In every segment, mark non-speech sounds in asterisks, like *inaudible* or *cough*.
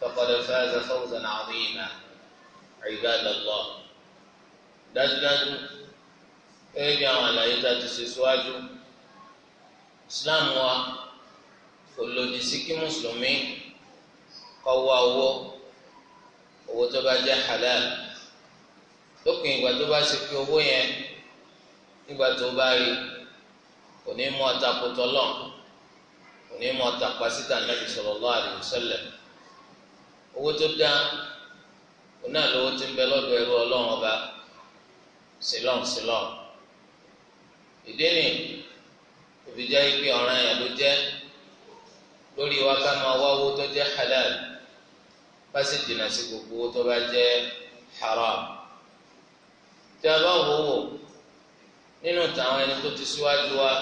فقد فاز فوزا عظيما عباد الله dájúdájú gẹ́gẹ́ على àwọn àlàyé tá a ti ṣe síwájú islam wa kò lòdì sí kí mùsùlùmí kó wá owó owó tó bá jẹ́ halal lópin ìgbà tó bá ṣe pé owó yẹn nígbà tó bá rí kò ní mú ọta kótó lọ kò ní mú ọta pàṣítà nàbì sallallahu alaihi wasallam owó tó dá òun náà lówó ti ń bẹ lọ́dọ̀ ẹrú ọlọ́run ọba sílọ̀n sílọ̀n ìdí ni òbí jẹ́ ipe ọ̀ràn yẹn ló jẹ́ lórí wa ká máa wá owó tó jẹ́ halal bá sì jìnnà sí gbogbo owó tó bá jẹ́ haram tí a bá wò wò nínú tàwọn ẹni tó ti síwájú wa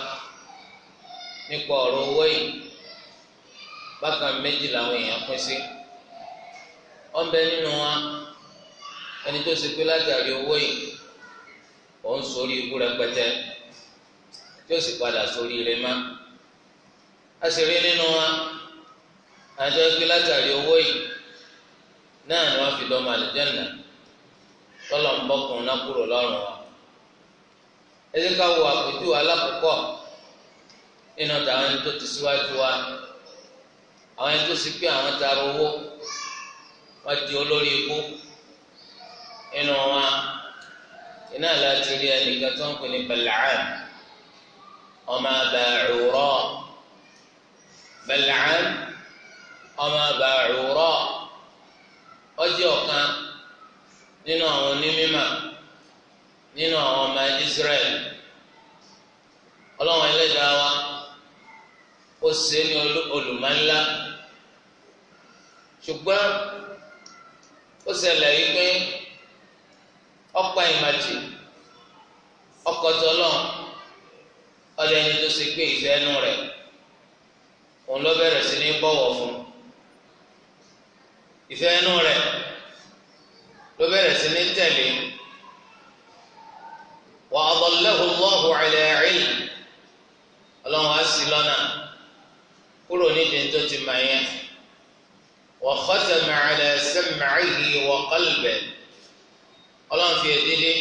nípa ọ̀rọ̀ owó yìí bákan méjì làwọn èèyàn pín sí ọ̀nbẹ nínú wa ẹni tó ṣe pé látàrí owó yìí òun sórí ikú rẹpẹtẹ tí ó sì padà sórí ire má a sì rí nínú wa àjọ pé látàrí owó yìí náà ni wọ́n fi lọ́mọ àlùjẹ́nà tọ́lọ̀ ń bọ́kùn náà kúrò lọ́rùn wa ẹ ká wo àpèjúwe alákọ̀ọ́kọ́ nínú tàwọn ẹni tó ti síwájú wa àwọn ẹni tó sì pé àwọn tara owó wọ́n di olórí ikú inú wa iná láti rí ẹnìkan tó ń pè ní Bal'am ọmọ Ba'ura Bal'am ọmọ Ba'ura ó jẹ́ ọ̀kan nínú àwọn onímọ̀ nínú àwọn ọmọ Israel ọlọ́run ẹlẹ́dàá wa ó ṣe é ṣùgbọ́n. ó ṣẹlẹ̀ wípé ọ̀pá ìmàjì ọkọ̀ tọ́lọ̀ ọ̀lẹ́ ẹni tó ṣe pé ìfẹ́ ẹnu rẹ̀ òun ló bẹ̀rẹ̀ sí ní bọ̀wọ̀ fún ìfẹ́ ẹnu rẹ̀ ló bẹ̀rẹ̀ sí ní tẹ̀lé wà adallahu Allahu ala ilm ọlọ́run á sí lọ́nà kúrò ti وختم على سمعه وقلبه ọlọ́run fi èdèdè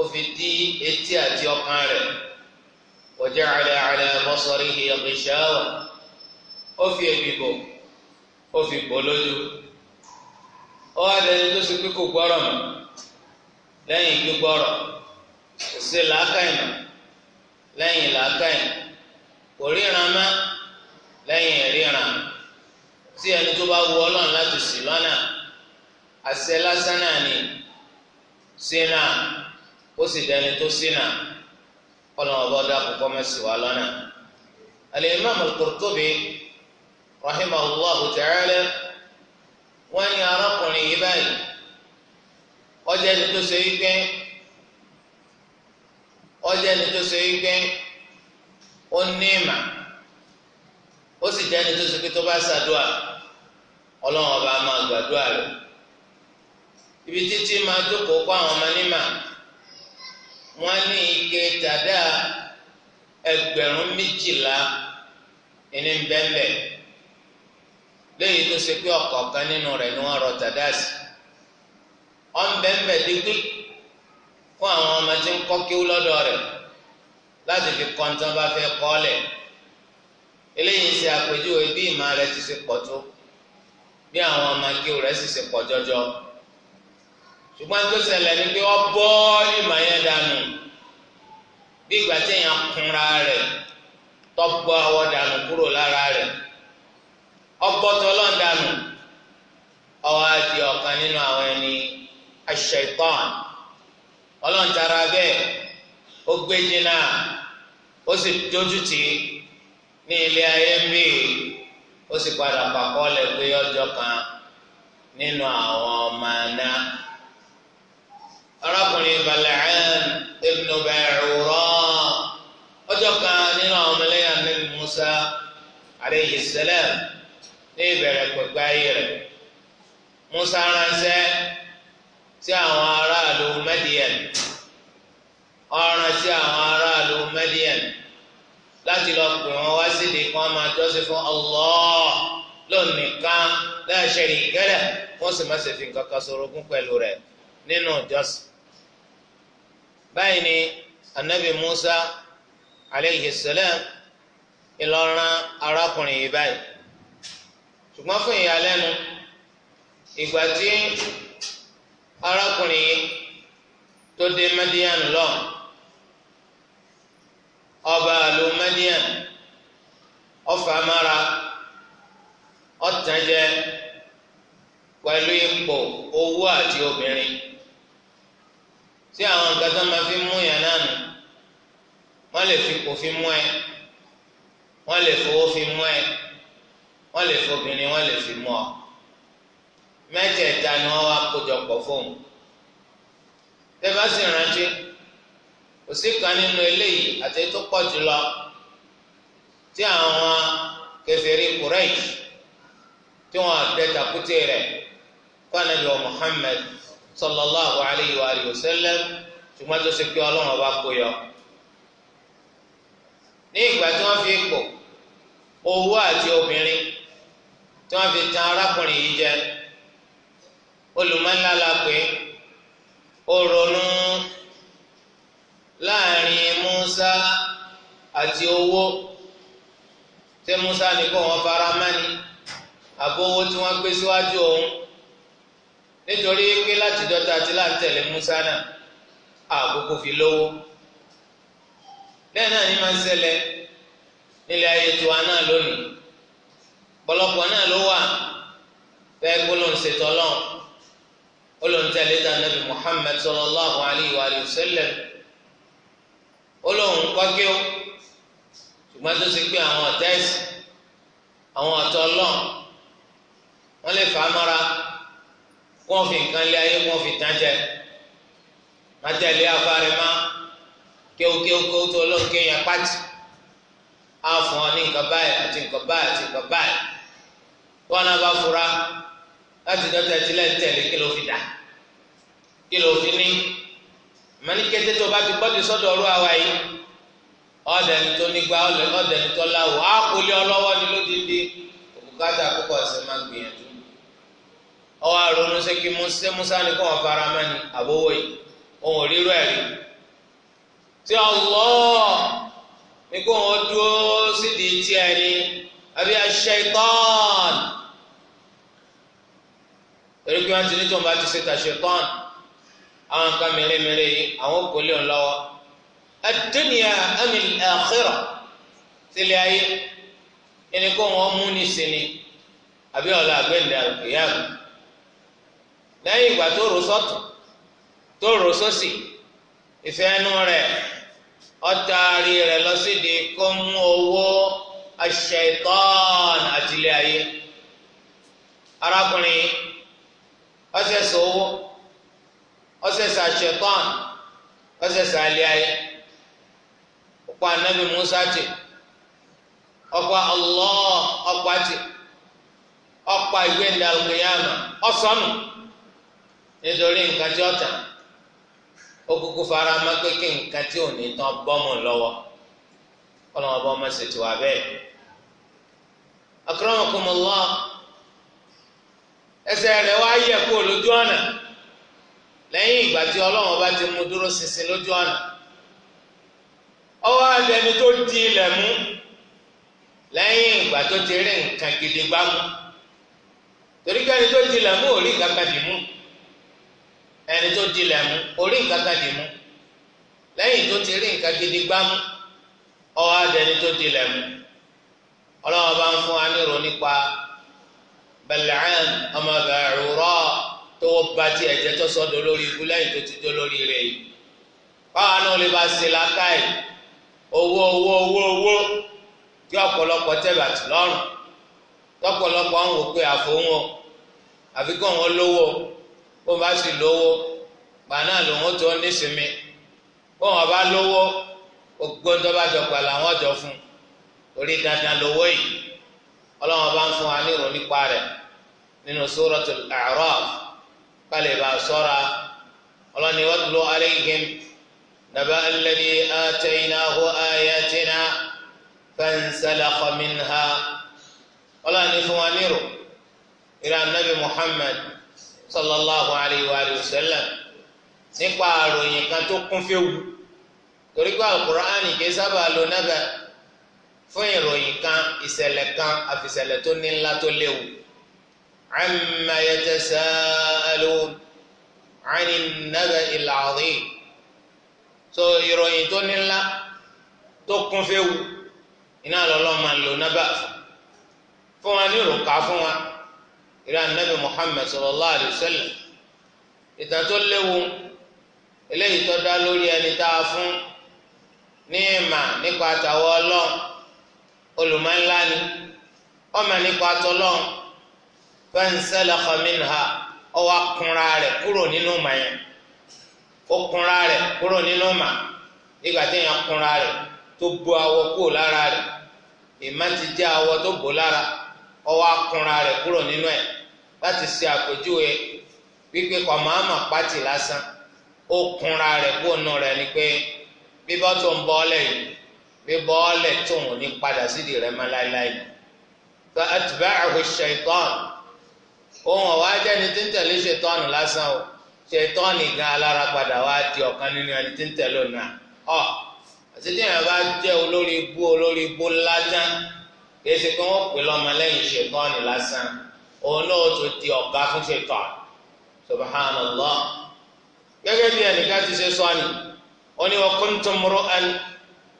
ó fi dí etí àti ọkàn rẹ̀ وجعل على بصره غشاوة ó fi èbìbò ó fi bò lójú ó wá dẹni tó ṣe pé kò gbọ́rọ̀ mọ́ lẹ́yìn gbígbọ́rọ̀ kò sí làákàyè mọ́ lẹ́yìn làákàyè kò ríran mọ́ lẹ́yìn ríran mọ́ tí ẹni tó bá wu ọlọ́run láti sì lọ́nà àṣẹ lásán náà ni sínà ó sì dẹni tó sínà ọlọ́run ọba ọdọ àkọ́kọ́ mẹ́sì wá lọ́nà. al-imam al-Qurtubi rahimahullahu wọ́n ní arákùnrin yìí báyìí ọjà ẹni tó ṣe é gbẹ́ ọjà ẹni tó ṣe é gbẹ́ ó ní ìmà ó sì jẹ́ ẹni tó ṣe pé tó bá ṣàdúrà. ọlọ́run ọba máa gbàdúrà rẹ̀ ibi títí máa jókòó kó àwọn ọmọ nímà wọn ní ike dàda ẹgbẹ̀rún méjìlá ẹni bẹ́ẹ̀lẹ̀ léyìí tó ṣe pé ọ̀kọ̀ọ̀kan nínú rẹ̀ ni wọ́n rọ sí fún àwọn ọmọ tí ń kọ́ lọ́dọ̀ rẹ̀ láti fi ní bá fẹ́ n'í àwọn ọmọ ike rẹ̀ sì ṣe pọ̀ jọjọ ṣùgbọ́n tó ṣẹlẹ̀ ni pé ọ bọ́ ìmọ̀ yẹn dànù bí ìgbà tí èèyàn kunra rẹ̀ tọ́gbọ́ àwọ̀ dànù kúrò lára rẹ̀ ọgbọ́tọ̀ lọ́n dànù ọwọ́ àti nínú àwọn ẹni ọlọ́ntara bẹ́ẹ̀ ó gbé ó sì padà pàkọ́lẹ̀ pé ọjọ́ kan nínú àwọn ọmọ àná. arákùnrin balẹ̀ẹ́n ibnu bẹ̀rùrọ̀ ọjọ́ kan nínú àwọn ọmọlẹ́yìn anabi musa aleyhi salam ní ìbẹ̀rẹ̀ pẹ̀gbẹ́ ayé rẹ̀ musa ránṣẹ́ sí àwọn aráàlú mẹ́díẹ̀n ọ̀ràn sí àwọn aráàlú mẹ́díẹ̀n láti lọ pè wọ́n wá sídìí kí máa jọ́sìn fún Allah. lónìkan la sharika lahu wọ́n ṣe fi nǹkan kan ṣorogún pẹ̀lú rẹ̀ nínú ìjọsìn. báyìí ni anabi musa aleyhi ìlọrin arákùnrin yìí báyìí ṣùgbọ́n fún ìyàlẹ́nu ìgbà tí arákùnrin yìí tó dé lọ ọba àlù ọfà mára. ọ̀tàn jẹ pẹ̀lú ipò owó àti obìnrin tí àwọn nǹkan tó máa fi mú yàn náà nù wọ́n lè fi kò fi mú ẹ wọ́n lè fowó fi mú ẹ wọ́n lè fobìnrin wọ́n lè fi mú ọ mẹ́tẹ̀ẹ̀ta ni wọ́n wá kójọpọ̀ fóun tẹ́fà rántí kò sí kan nínú eléyìí àti tó pọ̀ jùlọ tí àwọn kèfèrí Kùrẹ́ẹ̀sì tí wọn àdẹ takùtì rẹ̀ kó anabi wa Muhammad sallallahu alayhi wa alihi wa sallam ṣùgbọ́n tó ṣe pé ọlọ́run ọba kó yọ. ní ìgbà tí wọ́n fi pò owó àti obìnrin tí wọ́n fi tan arákùnrin yìí jẹ olùmọ̀lá pé ó ronú láàrin Musa àti owó tí Musa ní wọn fara mẹ́ni àbó owó tí wọ́n gbé síwájú òun nítorí pé láti dọ́ta àti láǹtẹ̀lé Musa náà àkókò fi lówó bẹ́ẹ̀ náà ni máa ń ṣẹlẹ̀ nílé ayé tiwa náà lónìí pọ̀lọpọ̀ náà ló wà bẹ́ẹ̀ kó ló ń Ọlọ́run ó dànàbí Muhammad sallallahu alayhi wa sallam ó kọ́kí ó ṣùgbọ́n tó ṣe pé àwọn ọ̀tá àwọn ọ̀tá Ọlọ́run wọ́n lè fà á mọ́ra kó wọ́n fi nǹkan lé ayé kó wọ́n fi tán jẹ má tẹ̀lé afárẹ́ má kéwkéwkéw tó ló ń kéèyàn pàtì á fún ọ ní nǹkan báyìí àti nǹkan báyìí àti nǹkan báyìí wọn náà bá fura láti dọ́tà ìtìlẹ̀ ń tẹ̀lé kí ló fi dà kí ló fi ní mẹ́ni kété tó bá ti gbọ́dọ̀ sọ́dọ̀ ọ̀rọ̀ àwa yìí ọ̀dẹ̀ ni tó nígbà ọ̀dẹ̀ ni tó láwọ̀ á kò lé ọ lódìdí òkúkátà púpọ̀ ẹ̀sẹ̀ máa gbìyànjú ọwọ́ àrònú ṣe kí musa ní kó wọn fara mọ́ ni àbówó yìí ohun rírọ ẹ̀rí tí Allah ní kó wọn dúró sídìí tí ẹ ní àbí aṣ-ṣaitan torí pé wọn ti ní tí wọn bá ti ṣe tàṣetán àwọn nǹkan mèremère yìí àwọn kò lè lọ́wọ́ ad-dunya am al ayé ẹni kó wọn mú ní sinmi àbí ọ̀la àgbẹ̀ndẹ̀ àgbẹ̀yàgbẹ̀. lẹ́yìn ìgbà tó rò sọ́tún tó rò sósì ìfẹ́ ẹnu rẹ̀ ọ̀taari rẹ̀ lọ sídi kó mú owó aṣẹ́tọ́n àtìlẹ́ ayé arákùnrin ọ̀sẹ̀sẹ̀ owó ọ̀sẹ̀sẹ̀ aṣẹ́tọ́n ọ̀sẹ̀sẹ̀ alẹ́ ayé ọkọ̀ musa ti ọkọ̀ allah ọkọ̀ ti ọkọ̀ ìgbẹ́ndàlùkìyàmà nítorí nǹkan tí ọ̀tà ó kúkú fara má kéèké nǹkan tí ò ní tán bọ́mù lọ́wọ́ ọlọ́mọ bọ́ ọmọ ṣètò abẹ́ akramakumullah ẹsẹ̀ rẹ̀ wá yẹ kó lójú ọ̀nà lẹ́yìn ìgbà tí ọlọ́mọ bá ti mú dúró ṣinṣin lójú ọ̀nà ọwọ́ àdẹni tó di ilẹ̀ mú lẹ́yìn ìgbà tó ti rí nǹkan gidi gbámú torí kẹ́ni tó di ilẹ̀ mú ò rí nǹkan mú. ẹni tó dilẹ̀ mú orí nǹkan kan lẹ́yìn tó ti rí nǹkan gidi gbá mú ọwọ́ adẹni tó dilẹ̀ mú ọlọ́wọ́ bá ń fún wa nírò nípa Bal'am ọmọ Ba'ura tó ba ti ẹ̀jẹ̀ tó sọ́dọ̀ lórí ikú lẹ́yìn tó ti dó lórí rẹ̀ yìí báwa náà lè bá owó owó owó owó tí ọ̀pọ̀lọpọ̀ ó bá sì lówó gbà náà lòun tó nísinmi bó wọn bá lówó gbogbo tó bá jọ gbà làwọn jọ fún orí dandan lówó yìí ọlọ́wọ́n bá ń fún wa ní ìròyìn nípa rẹ̀ nínú suratul A'raf kálí bá sọ́ra ọlọ́ni watlu alayhim naba alladhi ataynahu ayatina fansalakha minha ọlọ́ni fún wa ní ìrò ìrà nabi sallallahu alayhi wa sallam nípa àròyìn kan tó kún fẹ́wu torí pé alukur'ani kì í sábà lo nábẹ fún ìròyìn kan ìṣẹ̀lẹ̀ kan àfìṣẹ̀lẹ̀ tó ní ńlá tó léwu amma yatasaalun ani nábẹ ìlàrí so ìròyìn tó ní ńlá tó kún fẹ́wu iná lọ́lọ́ lo nábẹ fún wa ní ìròkà fún wa ìrẹ́ anabi muhammed sallallahu alayhi wa sallam ìtàn tó léwu eléyìí tó dá lórí ẹni tá a fún ní ìmà nípa àtàwọn ọlọ́run olùmọ̀ńlá ni ọmọ nípa àtọ́lọ́run fansalakha minha ọwọ́ akunra rẹ̀ kúrò nínú ìmà yẹn ó kunra rẹ̀ kúrò nínú ìmà nígbà tí èèyàn kunra rẹ̀ tó bu awọ kúrò lára rẹ̀ ìmà ti jẹ́ awọ tó bò lára rẹ̀ ọwọ́ akunra rẹ̀ kúrò nínú ẹ̀ láti ṣe àpèjúwe wípé kọ̀máàmà pátì lásán ó kunra rẹ̀ kúrò nínú rẹ̀ ni pé bíbọ́ tó ń bọ́ọ̀lẹ̀ yìí bíbọ́ọ̀lẹ̀ tó ń ní padà sídìí rẹ̀ má láéláé fa ohun ọ̀wá tí ń tẹ̀lé lásán o alára padà wá di ọ̀kan nínú ẹni tí ń ọ̀ àti kéésì kí wọ́n pè lọ́mọ lẹ́yìn ṣètọ́ni lásán òun náà tó di ọ̀gá fún ṣètọ́n subhanallah gẹ́gẹ́ bí ẹnìkan ti ṣe sọ ni ó ní wa kuntu mru'an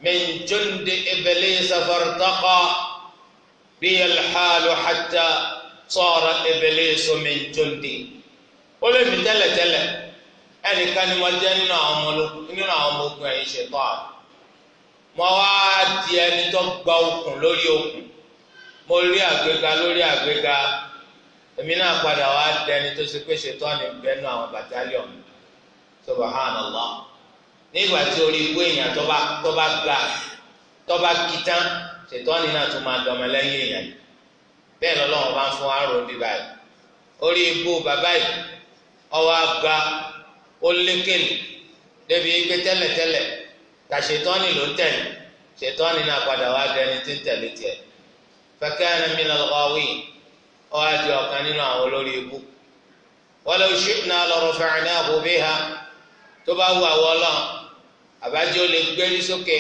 min jundi iblisa fartaqa biya alhalu hatta sara iblisu min jundi ó lè fi tẹ́lẹ̀tẹ́lẹ̀ ẹnìkan ni mo jẹ́ nínú àwọn ọmọ ogun ẹ̀yìn ṣètọ́n mo wá di ẹni tó gba okùn lórí okùn. mo rí àgbéga lórí àgbéga èmi náà padà wá dẹni tó ṣe pé ṣètò àná ìbẹ́nu àwọn bàtálíọ̀n subhanallah nígbà tí orí ikú èèyàn tó bá tó bá ṣètò náà máa dọ̀mọ́ lẹ́yìn èèyàn bẹ́ẹ̀ lọ́lọ́run bá ń fún àrùn bíbá yìí orí ibú bàbá yìí ọwọ́ tẹ́lẹ̀tẹ́lẹ̀ tà ṣètò ló ń tẹ̀lé ṣètò náà padà fakana min al-ghawin ọwọ́ àti ọ̀kan nínú àwọn olórí ibú walau shi'na la rafa'nahu biha tó bá wù àwọn ọlọ́run àbájọ lè gbérí sókè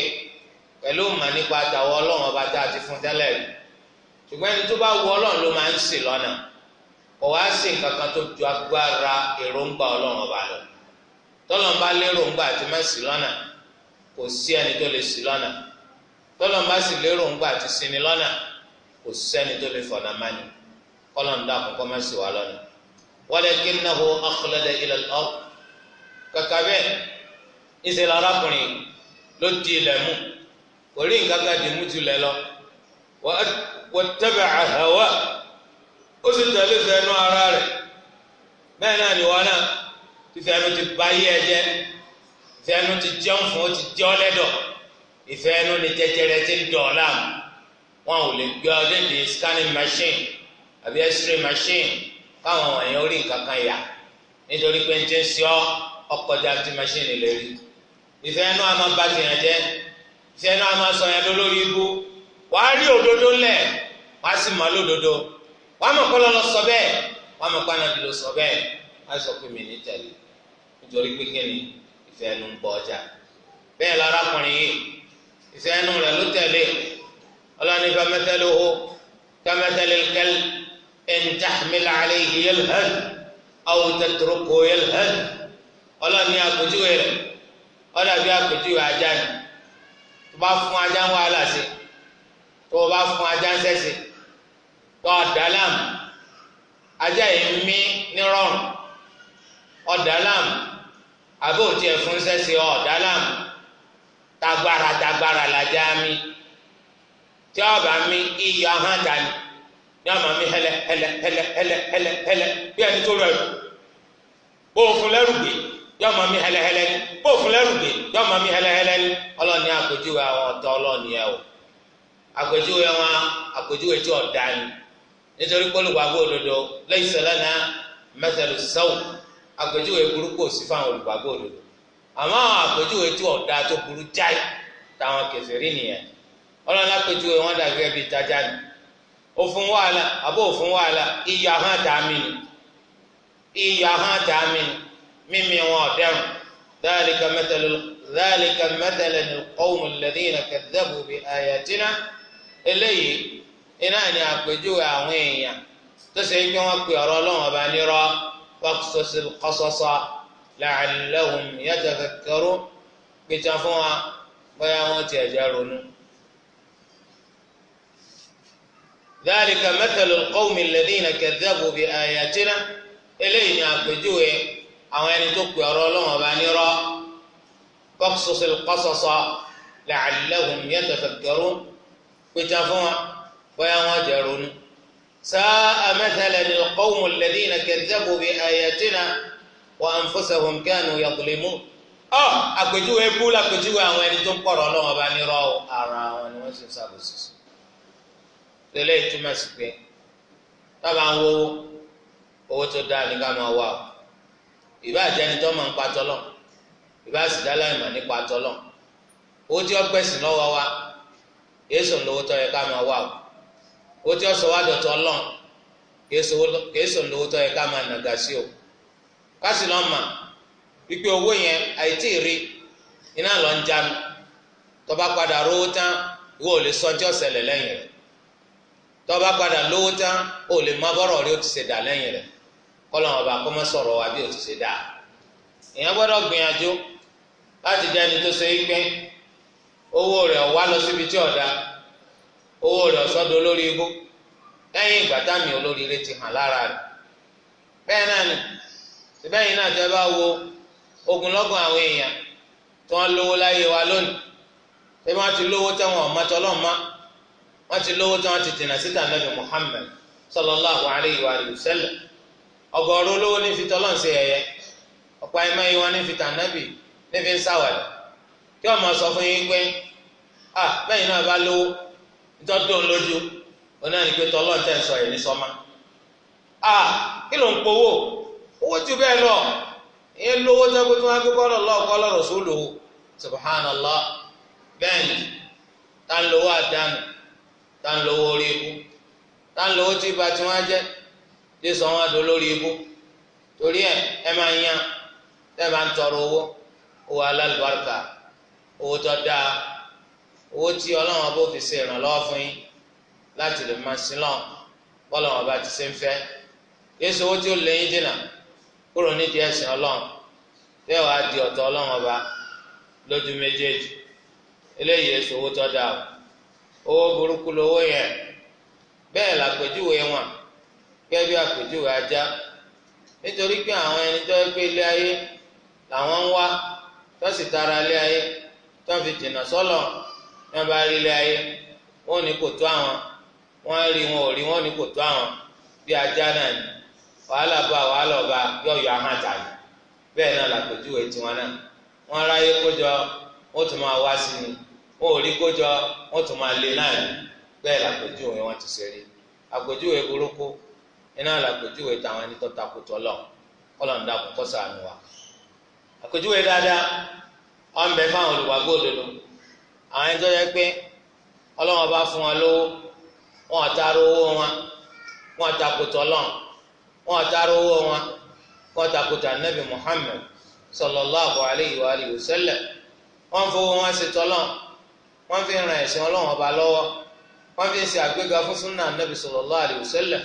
pẹ̀lú ìmọ̀ nípa àtàwọn ọlọ́run ọba tá a ti fún tẹ́lẹ̀ rí ṣùgbọ́n ẹni tó bá wù ọlọ́run ló máa ń ṣì lọ́nà kò wá sí nǹkan tó ju agbára èròǹgbà ọlọ́run ọba lọ tọ́lọ́n lérògbà àti má ṣì lọ́nà kò sí ẹni tó lè ṣì lọ́nà tọ́lọ́n sì lérògbà àti ṣì ní lọ́nà kò sẹ́ni tó lè fọ̀nà mání kọ́lọ́n dàkún kọ́ máa sì wà lọ́nà. walakinnahu akhlada ila al-ard kàkà bẹ́ẹ̀ ìṣẹ̀lẹ̀ arákùnrin ló di ilẹ̀ mú kò rí nǹkan kan dì mú tilẹ̀ lọ wattaba'a hawa ó sì tẹ̀lé fẹ́nu ara rẹ̀ bẹ́ẹ̀ náà ni wọn náà fífẹ́nu ti bá yí ẹ jẹ́ ìfẹ́nu ti jẹun fún ó ti jẹ́ ọ lẹ́dọ̀ ìfẹ́nu ni jẹjẹrẹ ti dọ̀ láàmú. wọn ò lè gbé ọ scanning machine àbí x-ray machine káwọn wọ̀nyẹn orí nǹkan yà nítorí pé ń ti machine lè rí ìfẹ́ inú àmọ́ bá tìyàn jẹ́ ìfẹ́ inú àmọ́ sọ yẹn lórí ibú wàá rí òdodo lẹ̀ wàá sì mọ̀ lódodo wàá mọ̀ kọ́lọ́ lọ sọ bẹ́ẹ̀ wàá kọ́lọ́ lọ sọ bẹ́ẹ̀ wàá sọ pé mi ní tẹ̀lé nítorí pé ọlọ́ni famathaluhu kamathali kalb in tahmil alayhi yalhad aw tatruku yalhad ọlọ́ni àpèjúwe rẹ̀ ọlọ́bi àpèjúwe ajá ni tó bá fún ajá ń wàhálà sí tó o bá fún ajá ń sẹ́sì tó o dà láàmú ajá yìí mí nírọ̀rùn ọ̀dà láàmú àbí òtí ẹ̀fún sẹ́sì ọ̀dà láàmú tagbára tagbára làjá mi tí a bá mi iyì ahọ́n ta ni ní àmà mi hẹlẹ hẹlẹ hẹlẹ hẹlẹ hẹlẹ hẹlẹ bí ẹni tó rọ ẹrù bó o fún lẹ́rù gbé yọ àmà mi hẹlẹ hẹlẹ ni bó o fún lẹ́rù gbé yọ àmà mi hẹlẹ hẹlẹ ni ọlọ́ni àpèjúwe àwọn ọ̀tọ́ ọlọ́ni ẹ o àpèjúwe wọn àpèjúwe tí ọ̀dà ni nítorí olùgbàgbọ́ òdodo lẹ́yìn sọlá náà mẹsàlù àpèjúwe burúkú òsì fáwọn olùgbàgbọ́ òdodo àmọ́ àpèjúwe tí ọ̀dà tó burú jáì táwọn kẹfẹ́ ọlọ́run lápẹ̀jùwe wọn dàbí ẹbí ìtajà ni òfun wàhálà àbó òfun wàhálà iyọ̀ ahọ́n tààmì ni iyọ̀ ahọ́n tààmì ni mímí wọn ọ̀dẹ́rùn ذلك مثل ذلك مثل القوم الذين كذبوا بآياتنا eléyìí iná ni àpèjúwe àwọn èèyàn tó ṣe pé wọ́n pe ọ̀rọ̀ Ọlọ́run ọba nírọ́ waqsasil qasasa la'allahum yatafakkarun pìtàn fún wa bóyá wọ́n ti ẹ̀jẹ̀ ronú. ذلك مثل القوم الذين كذبوا بآياتنا إلينا àpèjúwe àwọn ẹni tó pe ọ̀rọ̀ Ọlọ́run ọba nírọ́ فاقصص القصص لعلهم يتفكرون pété fún wa bóyá wọn jẹ ronú. ساء مثلا القوم الذين كذبوا بآياتنا وأنفسهم كانوا يظلمون. ọ àpèjúwe bú làpèjúwe àwọn ẹni tó ń pọ̀rọ̀ Ọlọ́run ọba nírọ́ ara wọn ni wọ́n sì ń sábòsí sí. tẹ́lẹ̀ ìtumọ̀ sí pé tábà ń wọ́wọ́ owó tó dáa ní ká máa o ìbá àjẹni tó máa ń pa tọ́lọ̀ ìbá sì dá nípa tọ́lọ̀ owó tí gbẹ̀sìn lọ́wọ́ wa yéésù lówó o owó tí sọ wá dọ̀tọ̀ lọ́n yéésù lówó o kásì lọ́n mà wípé owó yẹn àìtí rí iná lọ́n jánu padà rówó tán ò tọba padà lówó tán ó lè má bọ́rọ̀ rí o ti ṣe dà lẹ́yìn rẹ̀ kọ́lọ́n ọba kó má sọ̀rọ̀ wa bí o ti ṣe dà èèyàn gbọ́dọ̀ gbìyànjú láti jẹ́ ẹni tó ṣe é pé owó rẹ̀ wá lọ síbi tí ọ̀dà owó rẹ̀ sọ́dọ̀ olórí igbó lẹ́yìn ìgbà táàmì olóríire ti hàn lára rẹ̀ bẹ́ẹ̀ náà nì síbẹ̀yìn náà tẹ́ bá wo ogunlọ́gọ̀ àwọn èèyàn tí wọ́n lówó láyé wa lónìí tí wọ́n ti lówó tẹ́wọ̀n ọ̀mọ́tọ́lọ́mọ́ wọ́n ti lówó tí wọ́n ti dènà síta nàbì sallallahu alayhi wa sallam ọgọ́rùn olówó ní fi tọ́lọ́ yìí ní fi tànàbì ní fi ń sáwàdà kí wọ́n sọ fún yín pé à bẹ́ẹ̀ náà bá lówó ìtọ́jú lójú òun náà ní pé tẹ̀ sọ ní sọ́mà kí ló ń powó owó bẹ́ẹ̀ lọ ìyẹn lówó tó kó tó tá ń lówó orí ibú tá ń lówó tí ibà tí wọ́n á jẹ́ tí sọ wọn àdó lórí ibú torí ẹ ẹ máa yan tẹ́ ẹ máa ń tọrọ owó owó alálùbáríkà owó tó dáa owó tí ọlọ́run ọba òfin ṣe ìrànlọ́wọ́ fún yín láti lè máa sin lọ́n bọ́lọ́run ọba ti ṣe ń fẹ́ yéésù owó tí ó lè yín dènà kúrò nídìí ẹ̀sìn ọlọ́run tẹ́ ẹ di ọ̀tọ̀ ọlọ́run ọba lójú méjèèjì eléyìí èso owó tó dáa o. owó burúkú lowó yẹn bẹ́ẹ̀ làpèjúwe wọn gẹ́gẹ́ bí àpèjúwe ajá nítorí pé àwọn ẹni tó ilé ayé làwọn ń wá tó sì tara ilé ayé tó fi jìnnà sọ́lọ̀ náà bá rí ilé ayé wọn ò ní kò tó àwọn wọn rí wọn ò rí wọn ò ní kò tó àwọn bí ajá náà ni wàhálà bá wàhálà ọba bẹ́ẹ̀ náà làpèjúwe tiwọn wọn kójọ wọn tún máa wọn ò rí kójọ wọn tún máa lé náà ní làpèjúwe wọn ti ṣe rí àpèjúwe burúkú iná làpèjúwe táwọn ẹni tó takùtọ̀ lọ kọlọ̀n dà kó sànù wa àpèjúwe dáadáa wọn bẹ fáwọn olùwàgbọ́ òdodo àwọn ẹni tó yẹ pé ọlọ́wọ́n bá fún wọn lówó wọn àtàrà owó wọn wọn alayhi wa wa wọn fowó wọn ṣètọ́ wọ́n fi ń ran ẹ̀sìn ọlọ́run ọba lọ́wọ́ wọ́n fi ń ṣe àgbéga fún súnà nàbì sallallahu alaihi wasallam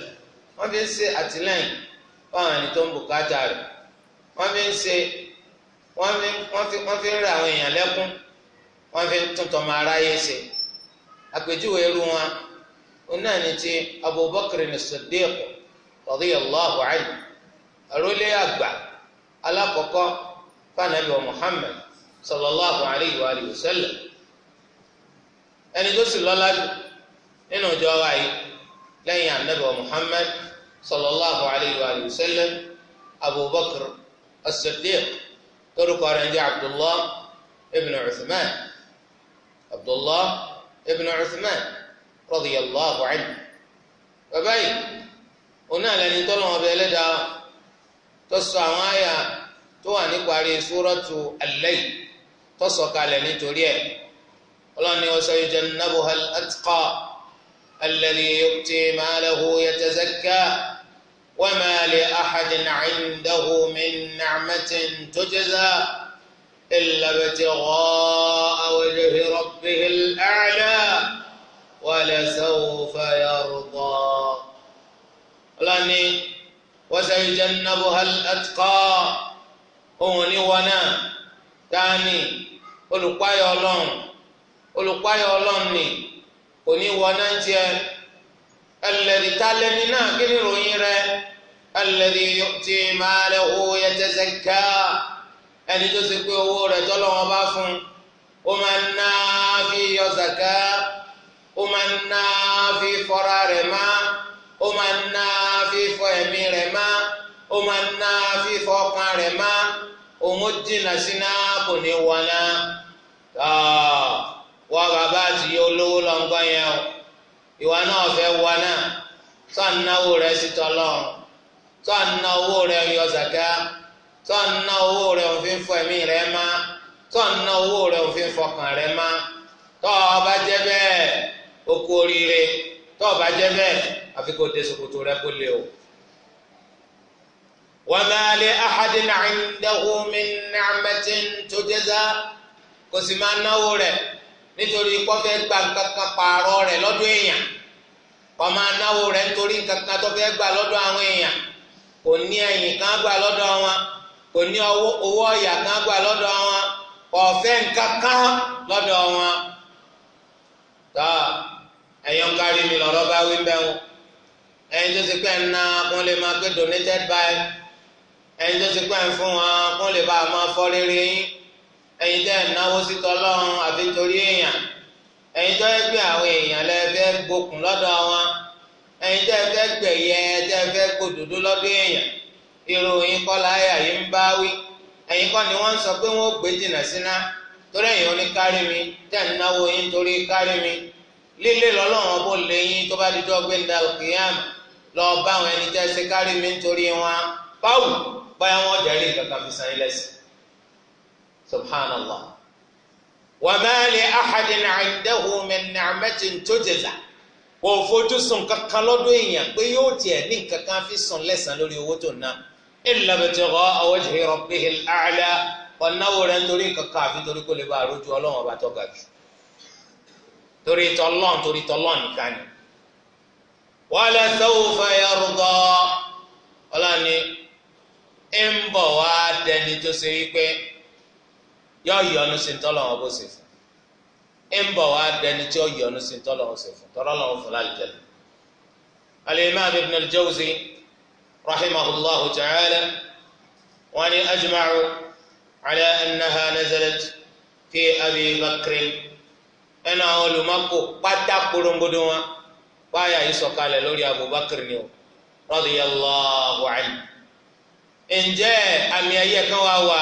wọ́n fi ń ṣe àtìlẹ́yìn fáwọn ẹni tó ń bùkátà rẹ̀ wọ́n fi ń ṣe wọ́n fi wọ́n fi ń ra àwọn èèyàn lẹ́kún wọ́n fi tuntun ọmọ aráyé ṣe àpèjúwe irú wọn onáà ní ti Abubakar as-Siddiq radiyallahu anhu àrólé àgbà alákọ̀ọ́kọ́ fanabi wa Muhammad sallallahu alaihi wa sallam ẹni tó sì lọ́lá jù nínú ìjọ wa yìí lẹ́yìn anabi muhammad sallallahu alayhi wa sallam abubakar as-siddiq torúkọ rẹ̀ ń jẹ́ abdullah ibn uthman abdullah ibn uthman radiyallahu anhu bàbá yìí oní àlẹ́ni tọ́lọ́ ọbẹ̀ ẹlẹ́dàá tó sọ àwọn àyà tó wà níparí súrọ́tù al-layl tó sọ kalẹ̀ nítorí ẹ̀. ولن وسيجنبها الأتقى الذي يؤتي ماله يتزكى وما لأحد عنده من نعمة تجزى إلا ابتغاء وجه ربه الأعلى ولسوف يرضى ولن وسيجنبها الأتقى هوني ونا تاني قلوا قاي olùpáyọ ọlọ́run ni kò ní wọ náà ń tiẹ ẹlẹ́dì tálẹ́ni náà kí ni ròyìn rẹ ẹlẹ́dì tí máa rẹ owó yẹ tẹsẹ̀ ká ẹni tó ti pé owó rẹ tọ́lọ́ wọn bá fún ó máa ń ná fi yọ zàká ó máa ná fi fọ́ra rẹ̀ má ó máa ná fi fọ ẹ̀mí rẹ̀ má ó máa ná fi fọ ọkàn rẹ̀ má òun ó jìnnà sí náà kò ní wọ náà. wọ́n bàbá ti olówó lọ́ngọ́ yẹn o ìwà náà fẹ́ wọ náà tó ń náwó sí tọ́lọ́run ń ná owó rẹ̀ yọ zàká tó ń ná owó rẹ òfin fọ ẹ̀mí rẹ̀ má tó ń ná owó rẹ òfin fọkàn rẹ̀ má tó o bá jẹ́ bẹ́ẹ̀ o oríire bá nítorí kọfẹ́ gba nǹkankan pààrọ̀ rẹ̀ lọ́dọ̀ èèyàn kó máa náwó rẹ̀ nítorí nǹkankan tó fẹ́ gbà lọ́dọ̀ àwọn èèyàn kò ní ẹ̀yìn kan gbà lọ́dọ̀ wọn kò ní owó ọ̀yà kan gbà lọ́dọ̀ wọn ọ̀fẹ́ nǹkankan lọ́dọ̀ wọn tọ́ ẹ̀yọ́ kárí mi lọ́rọ́ bá wí bẹ́ẹ̀ wọn ẹ̀yin tó ti pẹ́ ná kún lè máa pé donated by ẹ̀yin tó ti pẹ́ fún wọn kún lè bá a máa fọ́ rere yín. ẹ̀yin tẹ ẹ̀ náwó sí tọ́lọ́run àfi nítorí èèyàn ẹ̀yin tẹ́ ẹ gbé àwọn èèyàn lẹ fẹ́ gbókun lọ́dọ̀ wọn ẹ̀yin tẹ́ ẹ fẹ́ gbẹ̀yẹ tẹ́ ẹ fẹ́ gbòdòdó lọ́dọ̀ èèyàn ìròyìn kọlá ayà yìí ń ni wọn sọ pé gbé jìnnà síná torí mi tẹ yín torí kárí mi líle tó bá gbé ní lọ bá àwọn ẹni ẹ ṣe kárí mi nítorí wọn báwù subhanallah wa ma li ahadin 'indahu min ni'matin tujza kò fojú sùn kankan lọ́dọ̀ èèyàn pé yóò tiẹ̀ ní kankan fi sùn lẹ́sàn lórí owó tó ná illa ibtigha'a wajhi rabbihil a'la ọ̀nàwó rẹ̀ nítorí kankan àfi torí kó lè bá àrójú ọlọ́run ọba tó ga jù torí tọ́lọ́n torí tọ́lọ́n nìkan ni wala sawfa yarda ọlọ́ni ń bọ̀ wá dẹni tó ṣe wípé yọ yọnu sí ntọ́ lọ́wọ́ bó ṣe fún ń bọ̀ wá dẹni tí ó yọnu sí ntọ́ lọ́wọ́ ṣe fún tọ́lọ́ lọ́wọ́ fún lálùjẹ́lẹ̀. al-imam ibn al-jawzi rahimahullahu ta'ala wa ni ajma'u ala annaha nazalat fi abi bakrin ẹnna olùmọ̀kò pátá korongodo wọn wáyà yìí lórí abubakar ni o radiyallahu anhu. ǹjẹ́ àmì ẹ̀yẹ kan wá wà.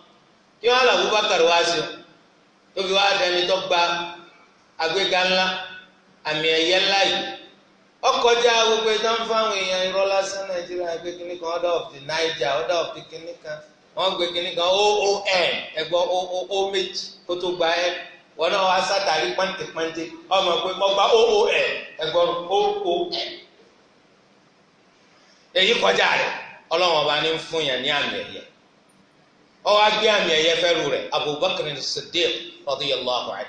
kí wọn là Abubakar wá sí o tó wá dání tó gba agbéga ńlá àmì ẹ̀yẹ ńlá yìí ọkọjá gbogbo ẹjọ ń fáwọn èèyàn irọ́ lásán nàìjíríà gbé kínní kan order of the Niger order of the kínní kan wọn gbé kínní kan oom ẹgbọ oo méjì kó tó gba ẹ wọn náà wá sátàrí kọjá rẹ ọlọ́wọ́n ní fún ní àmì ọ wá gbé àmì ẹ̀yẹ fẹ́rù rẹ̀ Abubakar Siddiq radiyallahu anhu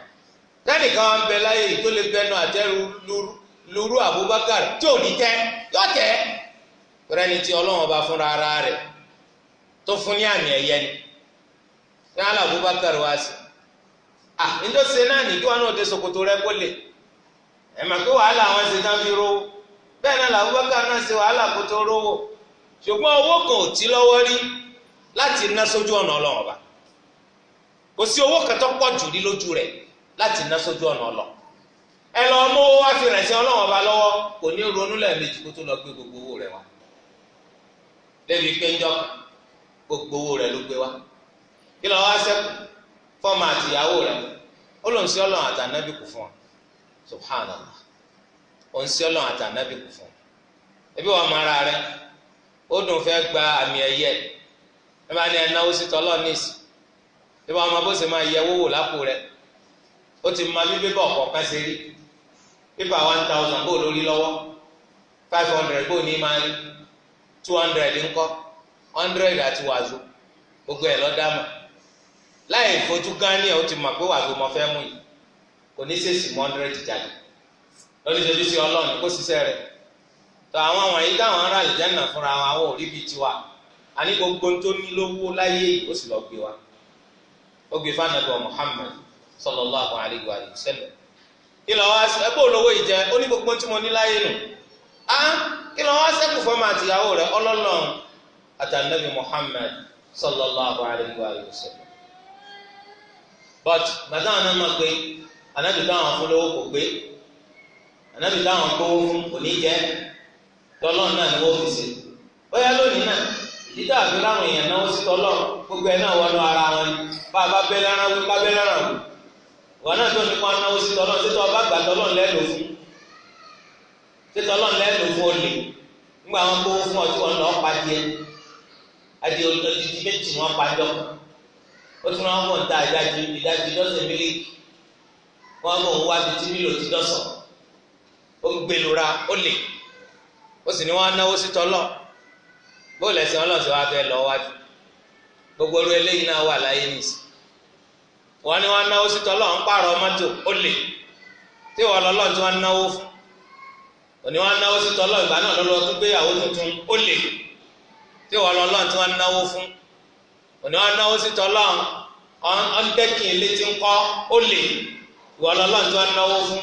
tẹnìkan ń bẹ láyé tó lè bẹnu àtẹrù lụrụ Abubakar tí ò ní tẹ yọ tẹ rẹni tí Ọlọ́run bá fúnra ara rẹ̀ tó fún ní àmì ẹ̀yẹ ni ní Abubakar wá sí à náà wọn náà dé kó lè mà pé wàhálà ṣe tán fi rówó náà làbúbákà náà ṣe wàhálà kó tó rówó láti ná sójú ọ̀nà ọlọ́run ọba kò sí owó kan tó pọ̀ jù rí lójú rẹ̀ láti ná sójú ọ̀nà ọlọ́run ẹ lọ mú owó wá fi rẹ̀sẹ̀ ọlọ́run ọba lọ́wọ́ kò ní ronú lẹ́ẹ̀mejì kó tó lọ gbé gbogbo owó rẹ̀ wá débi pé ń jọ gbogbo owó rẹ̀ ló gbé wá kí lọ wá sẹ́kù fọ́ọ̀mù àtìyàwó rẹ̀ ó lòun sí ọlọ́run àtànábì kù fún wa subhanallah òun sí ọlọ́run àtànábì kù fún wa ẹbí wa mọ ara rẹ ó dùn fẹ́ gba àmì ẹ̀yẹ ẹ bá ní ẹ náwó sí tọ́lọ́ níìsì ìwọ ọmọ bó ṣe máa yẹ owó wò lápò rẹ ó ti máa bí bébà ọ̀kọ̀ọ̀kan ṣe rí bébà one thousand bó lórí lọ́wọ́ five hundred bó ní máa rí two hundred ńkọ́ hundred àti wàzó gbogbo ẹ̀ lọ́dàmà láì fojú gánni ẹ̀ ó ti mọ̀ pé wàzó mọ̀ fẹ́ mú yìí kò ní sèṣì mọ́ hundred jáde lọ́dún sí ọlọ́run kó ṣiṣẹ́ rẹ̀ tó àwọn wọ̀nyí táwọn ará àlùjánnà fúnra wọn àwọn ò rí bíi tiwa. àní gbogbo tó ní lówó láyé yìí ó sì lọ gbé wa ó gbé fanagbọ muhammed sallallahu alayhi wa sallam ìlọ wa ẹgbẹ olówó ìjẹ ó ní gbogbo tí mo ní láyé nù á ìlọ wa ṣẹ́kù fọmọ àtìyàwó rẹ ọlọlọ àtànàbí Muhammad sallallahu alayhi wa but afúnlówó kò gbé gbówó fún kò ní jẹ náà ni fi lónìí dídá àbí láwọn èèyàn náà sí tọ́lọ̀ gbogbo ẹ̀ náà wọnú ara wọn ni bá a bá bẹ́ lára wí ká bẹ́ lára wù wọn náà tó nípa náà sí tọ́lọ̀ sí tọ́ ọba gbà tọ́lọ̀ lẹ́nu fún sí tọ́lọ̀ lẹ́nu fún olè wọn kó fún ọtí wọn méjì wọn ó tún wọn mọ̀ ìdájú ìdájú mílíkì mọ̀ wá mílíò ti bóòlù ẹsẹ ọlọsẹ wa fẹ lọ wájú gbogbo eléyìí náà wà láyé nìsí wọn ni wọn náwó sítọ lọ ń pààrọ̀ mọ́tò ó lè tí wọn lọlọ tí wọn náwó fún òní wọn náwó sítọ lọ ìgbà náà lọlọ tó gbéyàwó tuntun ó lè tí wọn lọlọ tí wọn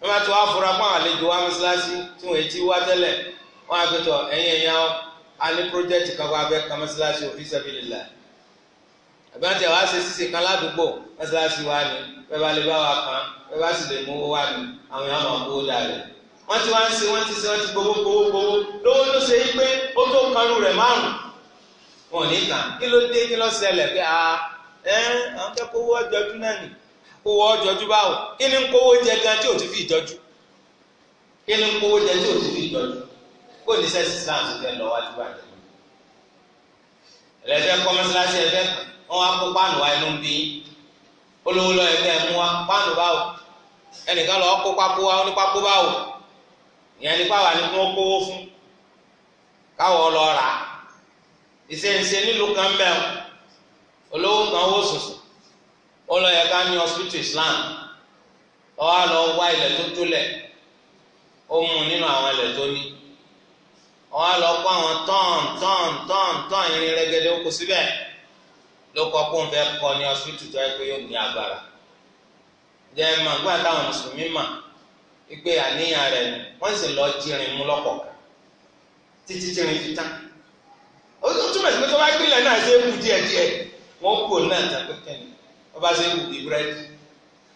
wọ́n bá ti wá fura fún àwọn àlejò wa mọ́sálásí tí wọ́n ti wá tẹ́lẹ̀ wọ́n á fi tọ̀ ẹ̀yìn ẹ̀yà ọ́ a ní pírójẹ́tì kan wá bẹ́ẹ̀ kan mọ́sálásí fi sabilillah àbí wọ́n ti wá ṣe ṣíṣe kan ládùúgbò mọ́sálásí wa ni bẹ́ẹ̀ bá lè bá wa kan bẹ́ẹ̀ bá sì lè mú owó wa ni àwọn èèyàn máa gbowó dà rẹ̀ wọ́n ti wá ń ṣe wọ́n ti ṣe wọ́n ti gbowó gbowó gbowó lówó ló ṣe yí pé ó tó kanú rẹ̀ márùn wọn ò ní a ah, ẹ àwọn fẹ́ kówó ọjọ́ ọdún náà kówó ọjọ́jú báwò kí ni ń kówó jẹ gan tí ò ti fi ìjọ́jú kí ni ń kówó jẹ tí ò ti fi ìjọ́jú kó ní sẹ́sì Islam ti fẹ́ lọ wájú bàjẹ́ ẹ̀rẹ́fẹ́ kọ́mọ́síláṣí ẹ̀fẹ́ wọn wá kó páànù wa inú bí olówó lọ ẹ̀fẹ́ mú wa páànù báwò ẹnìkan lọ kó pápó wa ní pápó báwò ìyẹn ní pàwọ́ ni wọ́n kówó fún káwọ́ lọ rà ìṣe ìṣe nílùú kan bẹ́ẹ̀ olówó kan wó sùsù ọlọ́yẹ ká ní hospital islam ọ̀hà lọ wá ilẹ̀ tó túlẹ̀ ó mú nínú àwọn ilẹ̀ tó ní ọ̀hà lọ kó àwọn tọ́ọ̀n tọ́ọ̀n tọ́ọ̀n tọ́ọ̀n irin rẹ́gẹ́dẹ́ ó kó síbẹ̀ ló kọ́ kó ń fẹ́ kọ́ ní hospital tó yẹ pé yóò ní agbára jẹ́ ẹ̀ mọ̀ nígbà táwọn mùsùlùmí mọ̀ wípé àníyàn rẹ̀ wọ́n sì lọ jírin mú lọ́kọ̀ọ̀kan títí jírin fi tán ó tún túmọ̀ sí pé tó bá gbé náà ṣe é kú díẹ̀díẹ̀ wọ́n kú òun náà tàbí kẹ́ni wọ́n bá ṣe ń di búrẹ́dì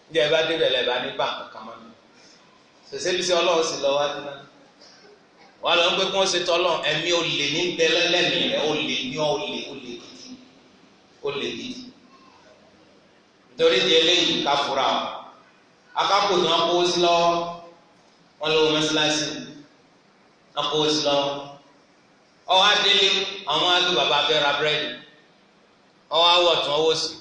ǹjẹ́ ẹ bá débẹ̀ lẹ́ bá ní báǹkì kan mọ́ mi ṣèṣe bí sẹ́ ọlọ́run sì lọ wá dín náà wọ́n lọ ń pé kí wọ́n ṣe tọ́lọ̀ ẹ̀mí olè ní bẹ́lẹ́ lẹ́mìí rẹ̀ olè ní olè olè gidi olè gidi nítorí di eléyìí ká o akápò ní wọ́n kó sí lọ́wọ́ wọ́n lọ mọ́sálásí wọ́n kó sí lọ́wọ́ ọwọ́ adélé àwọn adó bàbá fẹ́ ra búrẹ́dì ọwọ́ awọ̀ tún ọwọ́ sí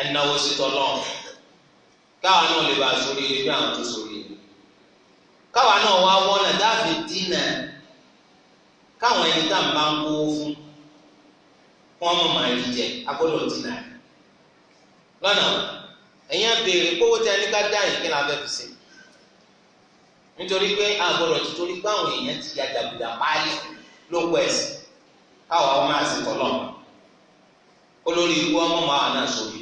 ẹnáwó sí tọlọ́run káwa náà lè bá sórí ilé bí àwọn tó sórí ilé káwa náà wá wọ́nà dáàbì dínà káwọn ẹni tá à ń bá ń kówó fún kí wọ́n mọ̀ máa jẹ agbọ́dọ̀ dínà na ẹ̀yin àbèrè kówó tẹ ẹni ká dá yìí kí ni fi nítorí pé èèyàn ti ya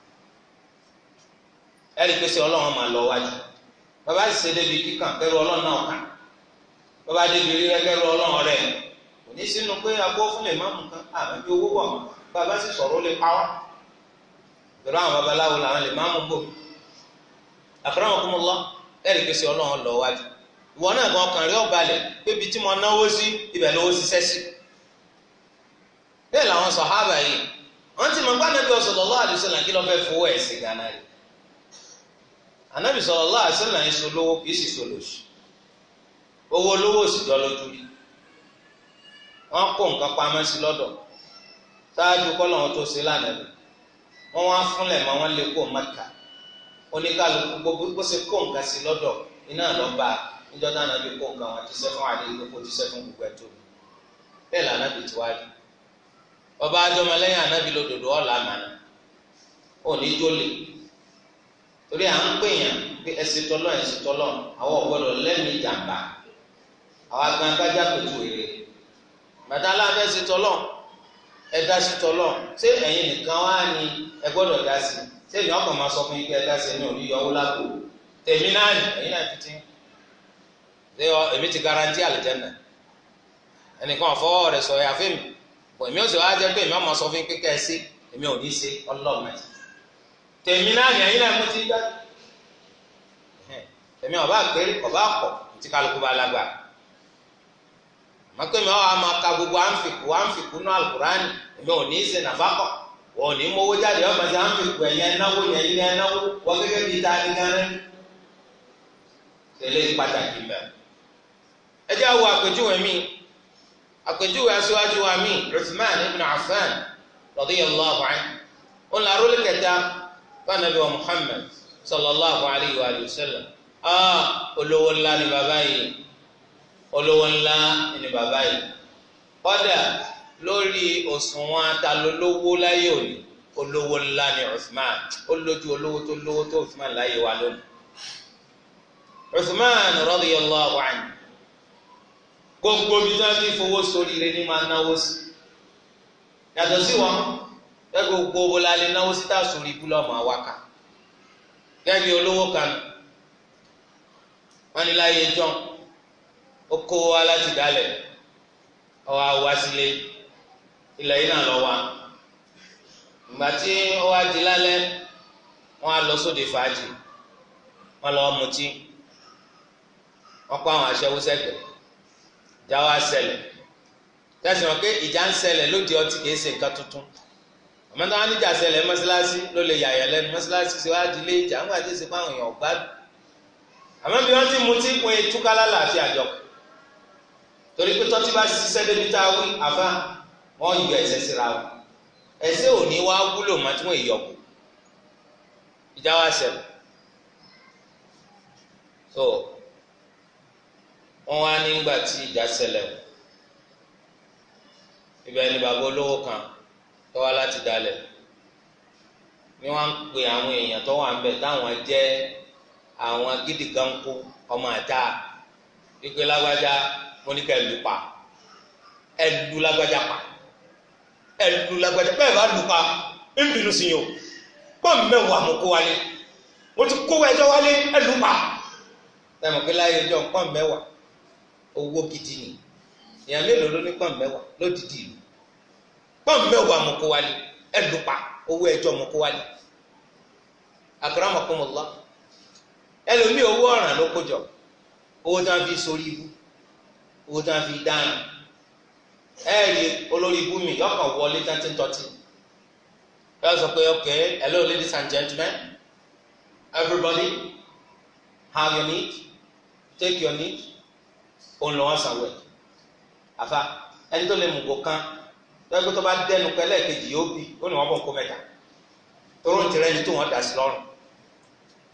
ẹ̀rí pé ṣe ọlọ́run máa lọ wájú bàbá sì ṣe débi kíkàn kẹrù ọlọ́run náà kàn bàbá débi rí ẹgẹrù ọlọ́run rẹ̀ kò ní sínú pé agbó fún lè má mú kan àbẹ̀bí owó wọ̀ mọ́ bàbá sì sọ̀rọ̀ lè pa wá àwọn babaláwo làwọn lè lọ pé lọ wájú ìwọ náà gan ọkàn rí tí mo náwó sí lówó sí làwọn ti gbàdúrà anabi sọrọ, alaihi na ń so lówó kì í sì so lòṣì owó lówó sì jọ lójú rí wọn kó nǹkan pamọ́ sí lọ́dọ̀ ṣáájú kọ́lọ̀ wọn tó ṣe lánàá wọn wá fúnlẹ̀ mọ́ wọn lè kó mẹ́ta oníkàlùkù gbogbo bó ṣe kó nǹkan sí lọ́dọ̀ iná lọ́ba níjọ́ náà nàbí kó nǹkan wọn ti sẹ́fún gbogbo ti gbogbo ọba torí à ń pèèyàn pé ẹsìn tọlọ ẹsìn tọlọ àwọn ọgbọ́dọ̀ lẹmìí jàmbá àwọn agbankájá pẹ̀tù èrè bàtà aláàbẹ̀ ẹsìn tọlọ ẹdá sí tọlọ ṣé ẹ̀yin nìkan wá ní ẹ gbọ́dọ̀ dá sí ṣé èyí ọkàn máa sọ fún yín pé ẹdá sí ẹni òní yọwó lápò tèmi náà ní ẹ̀yin náà títí ṣé èmi ti garanti àlùjẹ́nà ẹnìkan ọ̀fọwọ́ rẹ̀ sọ ẹ̀ àfẹ́mi èmi ò sì wá jẹ́ pé èmi ọmọ sọ fún yín pé kẹ́ ẹ sí èmi ò ní í ṣe ọlọ́ọ̀mẹ́sì tèmi náà ní ẹ̀yin náà ti ọba àgbèrè ọba àpọ tí kálukú bá lágbà mọ̀kẹ́mi ọ̀ àmọ́ gbogbo àǹfìkù àǹfìkù náà alukurani èmi ò ní í ṣe nàfàkọ̀ wọn ò ní í mowó jáde ọ̀pọ̀ sí àǹfìkù ẹ̀yẹ náwó ẹ̀yìn náà wọ́n tẹ̀lé pàtàkì mẹ́. ẹ jẹ́ àpèjúwe mi àpèjúwe wa mi fanabi wa muhammed sallallahu alayhi wa sallam aa olówó ńlá ni bàbá yìí olówó ńlá ni bàbá yìí kọ́dà lórí òṣùwọ̀n atalólówó láyé òní olówó ńlá ni usman ó olówó tó lówó tó usman láyé wa lónìí usman radiyallahu anhu gbogbo bí wọ́n ti fowó sórí rẹ̀ ní máa náwó sí yàtọ̀ sí wọn. bẹ́ẹ̀ gbogbo owó la lè náwó sí táà sórí ibú lọ́mọ àwaka olówó kan wọn ni láyé john ó kó láti dálẹ̀ ọwọ́ àwa sílé ilẹ̀ yìí náà lọ wa ìgbà tí ó wá di lálẹ́ wọn á lọ sóde fàájì wọ́n lọ mutí wọ́n kó àwọn aṣẹ́wó sẹ́gbẹ̀ẹ́ ìjà wa pé ìjà ń lóde àmọ́ táwọn níjà ṣẹlẹ̀ mọ́ṣáláṣí ló lè yàyà lẹ́nu mọ́ṣáláṣí ṣe wá di ilé ìjà ńgbà tí ìsìnkú àwọn èèyàn gbádùn àmọ́ bí wọ́n ti mú tí pin túkálá láti àjọ torí pé tọ́tí bá ṣiṣẹ́ débi tá a wí àfa wọ́n yọ ẹ̀sẹ̀ síra o ẹ̀sẹ̀ ò wá wúlò mọ́ tí wọ́n ìyọ̀kù ìjà wa ṣẹlẹ̀ so wọ́n wá nígbà tí ìjà ṣẹlẹ̀ ibẹ̀ ni bàbá olówó kan tó wá láti dalẹ̀ ni wọ́n ń pe àwọn èèyàn tó wà ń bẹ̀ táwọn jẹ́ àwọn gidi ganko ọmọ àjà ìpè lágbájá mo ní ká ẹ pa ẹ lù lágbájá pa ẹ lù lágbájá bẹ́ẹ̀ bá lù pa ń bínú sí yìí o pọ́n mẹ́wàá mo kó wálé mo ti kó ẹjọ́ wálé ẹ pa ẹ pé láyé ẹjọ́ pọ́n mẹ́wàá owó gidi ni èèyàn mélòó ló ní pọ́n mẹ́wàá lódìdí ìlú pọ́ùn mẹ́wàá mú kó wálé ẹ̀ ló pa owó ẹjọ́ mú kó wálé akramakumullah ẹlòmíì owó ọ̀ràn ló kójọ owó tí wọ́n fi sórí ibú owó tí wọ́n fi dáná ẹ̀ẹ́dì olórí ibú mi yọkàn wọlé tẹ́ntì yọ sọ pé ok hello ladies and gentlemen everybody have your need take your need òun lọ́wọ́ sàwẹ̀ àfa ẹni tó lè mú kó kán. tọ́gbẹ́ tó bá dẹnu pẹ́lẹ́ kejì yóò bì ó ní wọ́n bọ̀ kó mẹ́ta toró ti rẹ́ni tó wọ́n dà lọ́rùn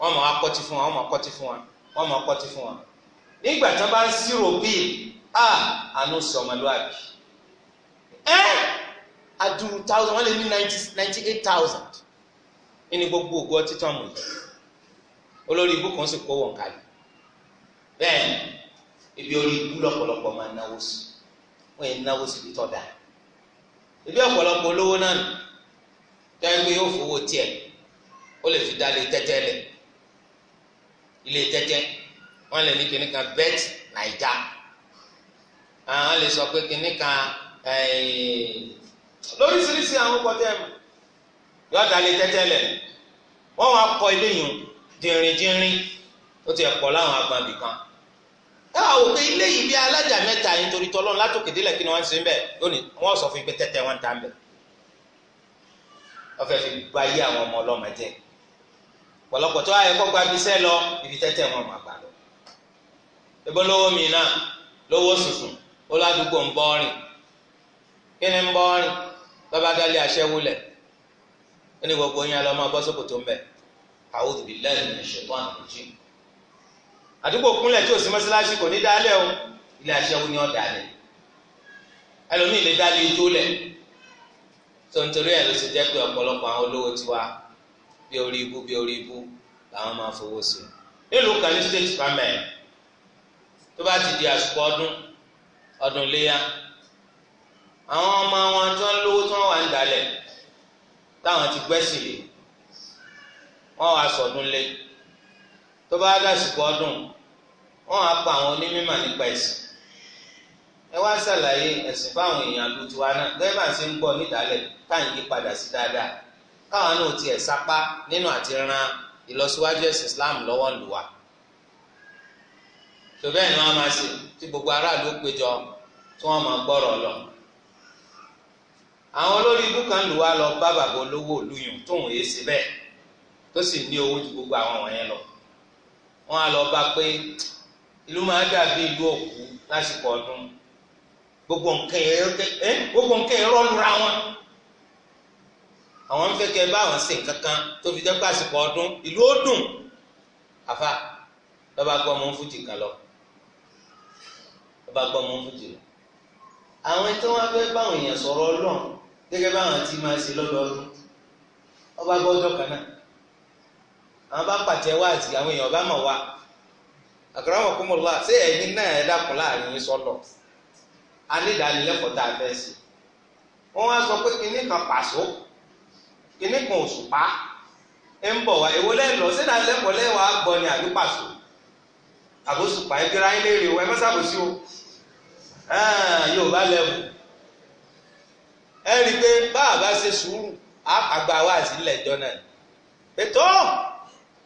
wọ́n mọ̀ akọ́tí fún wa wọ́n mọ̀ akọ́tí fún wa wọ́n mọ̀ akọ́tí fún wa nígbà tí wọ́n bá ń olórí ibú kan sì kó wọn ibi orí ibú máa ibi ibi ọ̀pọ̀lọpọ̀ olówó náà nù táyé pé yóò fowó tiẹ̀ ó lè fi dá ilé tẹ́tẹ́ lẹ̀ ilé tẹ́tẹ́ wọ́n lè ní kíní kan bet naija àwọn lè sọ pé kíní kan lóríṣiríṣi àwọn ọkọ̀ tẹ́ ẹ̀ mọ̀ yóò dá ilé tẹ́tẹ́ lẹ̀ wọ́n wá kọ ilé yìí dìrìndìrìn ó ti ẹ̀ pọ̀ láwọn agbọ̀n bìkan táwa wò pé ilé yìí bí alájà mẹ́ta yìí torí tọ́lọ́run látòkè délẹ̀ kí ni wọ́n ń ṣe ń bẹ̀ lónìí wọ́n sọ fún yín pé tẹ́tẹ́ wọ́n ń ta ń bẹ̀. ọ̀fẹ́ fi gba ayé àwọn ọmọ ọlọ́mọ jẹ́ pọ̀lọpọ̀ tó ayẹ kọ́ gba bisẹ́ lọ ibi tẹ́tẹ́ wọn mà gbà lọ. ebó lówó mi náà lówó sùsùn ó ládùúgbò ń bọ́ọ̀rìn kí ni ń bọ́ọ̀rìn bàbá dálé aṣẹ́wúlẹ̀ ó ní gbogbo yín alọ́ àdúgbò kúnlẹ̀ tí ò sí mọ́sálásí kò ní dálẹ̀ o ilé aṣẹ́wó ni ọ̀ dálẹ̀ ẹlòmíì lè dálẹ̀ ijó lẹ̀ tó nítorí ẹ̀ ló ṣe jẹ́ pé ọ̀pọ̀lọpọ̀ àwọn olówó tiwa bí orí ibú bí orí ibú làwọn máa fowó sí nílùú kan ní state department tó bá ti di àsìkò ọdún ọdún léyà àwọn ọmọ wọn tí wọn lówó tí wọn wà ń dálẹ̀ táwọn ti gbẹ́sìn wọn wà sọdún lé tó bá dàsìkò ọdún wọn á pa àwọn onímọ̀ nípa ẹ̀sìn ẹ wá ṣàlàyé ẹ̀sìn fáwọn èèyàn lu tiwa náà gẹ́gẹ́ bá ṣe ń gbọ́ nídàálẹ̀ káàyè padà sí dáadáa káwọn náà tiẹ̀ sápá nínú àti ran ìlọsíwájú ẹ̀sìn Islam lọ́wọ́ lù wá tó bẹ́ẹ̀ ni wọ́n máa ṣe tí gbogbo aráàlú péjọ tí wọ́n máa gbọ́rọ̀ lọ àwọn olórí ibú kan lù wá lọ bá bàbá olówó olúyùn tóun èé ṣe bẹ́ẹ̀ tó sì ní owó ju gbogbo àwọn wọ̀nyẹn lọ wọ́n á lọ bá pé ìlú máa dàbí ìlú òkú lásìkò ọdún gbogbo nǹkan ẹ gbogbo nǹkan ẹ rọlùra wọn àwọn ń fẹ́ kẹ́ bá àwọn sìn kankan tó fi jẹ́ pé àsìkò ọdún ìlú ó dùn àfa lọ́ba gbọ́ ọmọ fújì kan lọ lọ́ba gbọ́ ọmọ fújì lọ àwọn tí wọ́n fẹ́ báwọn èèyàn sọ̀rọ̀ ọlọ́run gẹ́gẹ́ báwọn ti máa ṣe lọ́dọọdún ọba gbọ́ ọjọ́ kan náà àwọn bá pàtẹ́ wá àti àwọn èèyàn bá mọ̀ wá àkàràwọ̀ kó mọ̀ lọ́wọ́ àti ẹ̀yin náà ẹ̀ dàkún láàrin yín sọ́lọ̀ anídàálẹ́lẹ́kọ̀ọ́ tá a fẹ́ sí wọ́n wá sọ pé kinní kan pàṣọ kinní kan òṣùpá ń bọ̀ wá èwo lẹ́nu lọ sínú alẹ́kọ̀ọ́ lẹ́wọ̀ á ni àbí pàṣọ àbòṣùpá ẹgbẹ́ra ẹ̀ léèrè wọ ẹ mọ́sàbòsí o Yorùbá lẹ́wọ̀ ẹ rí i pé bá a bá ṣe sùúrù àgbà wá àti ilẹ̀ náà ètò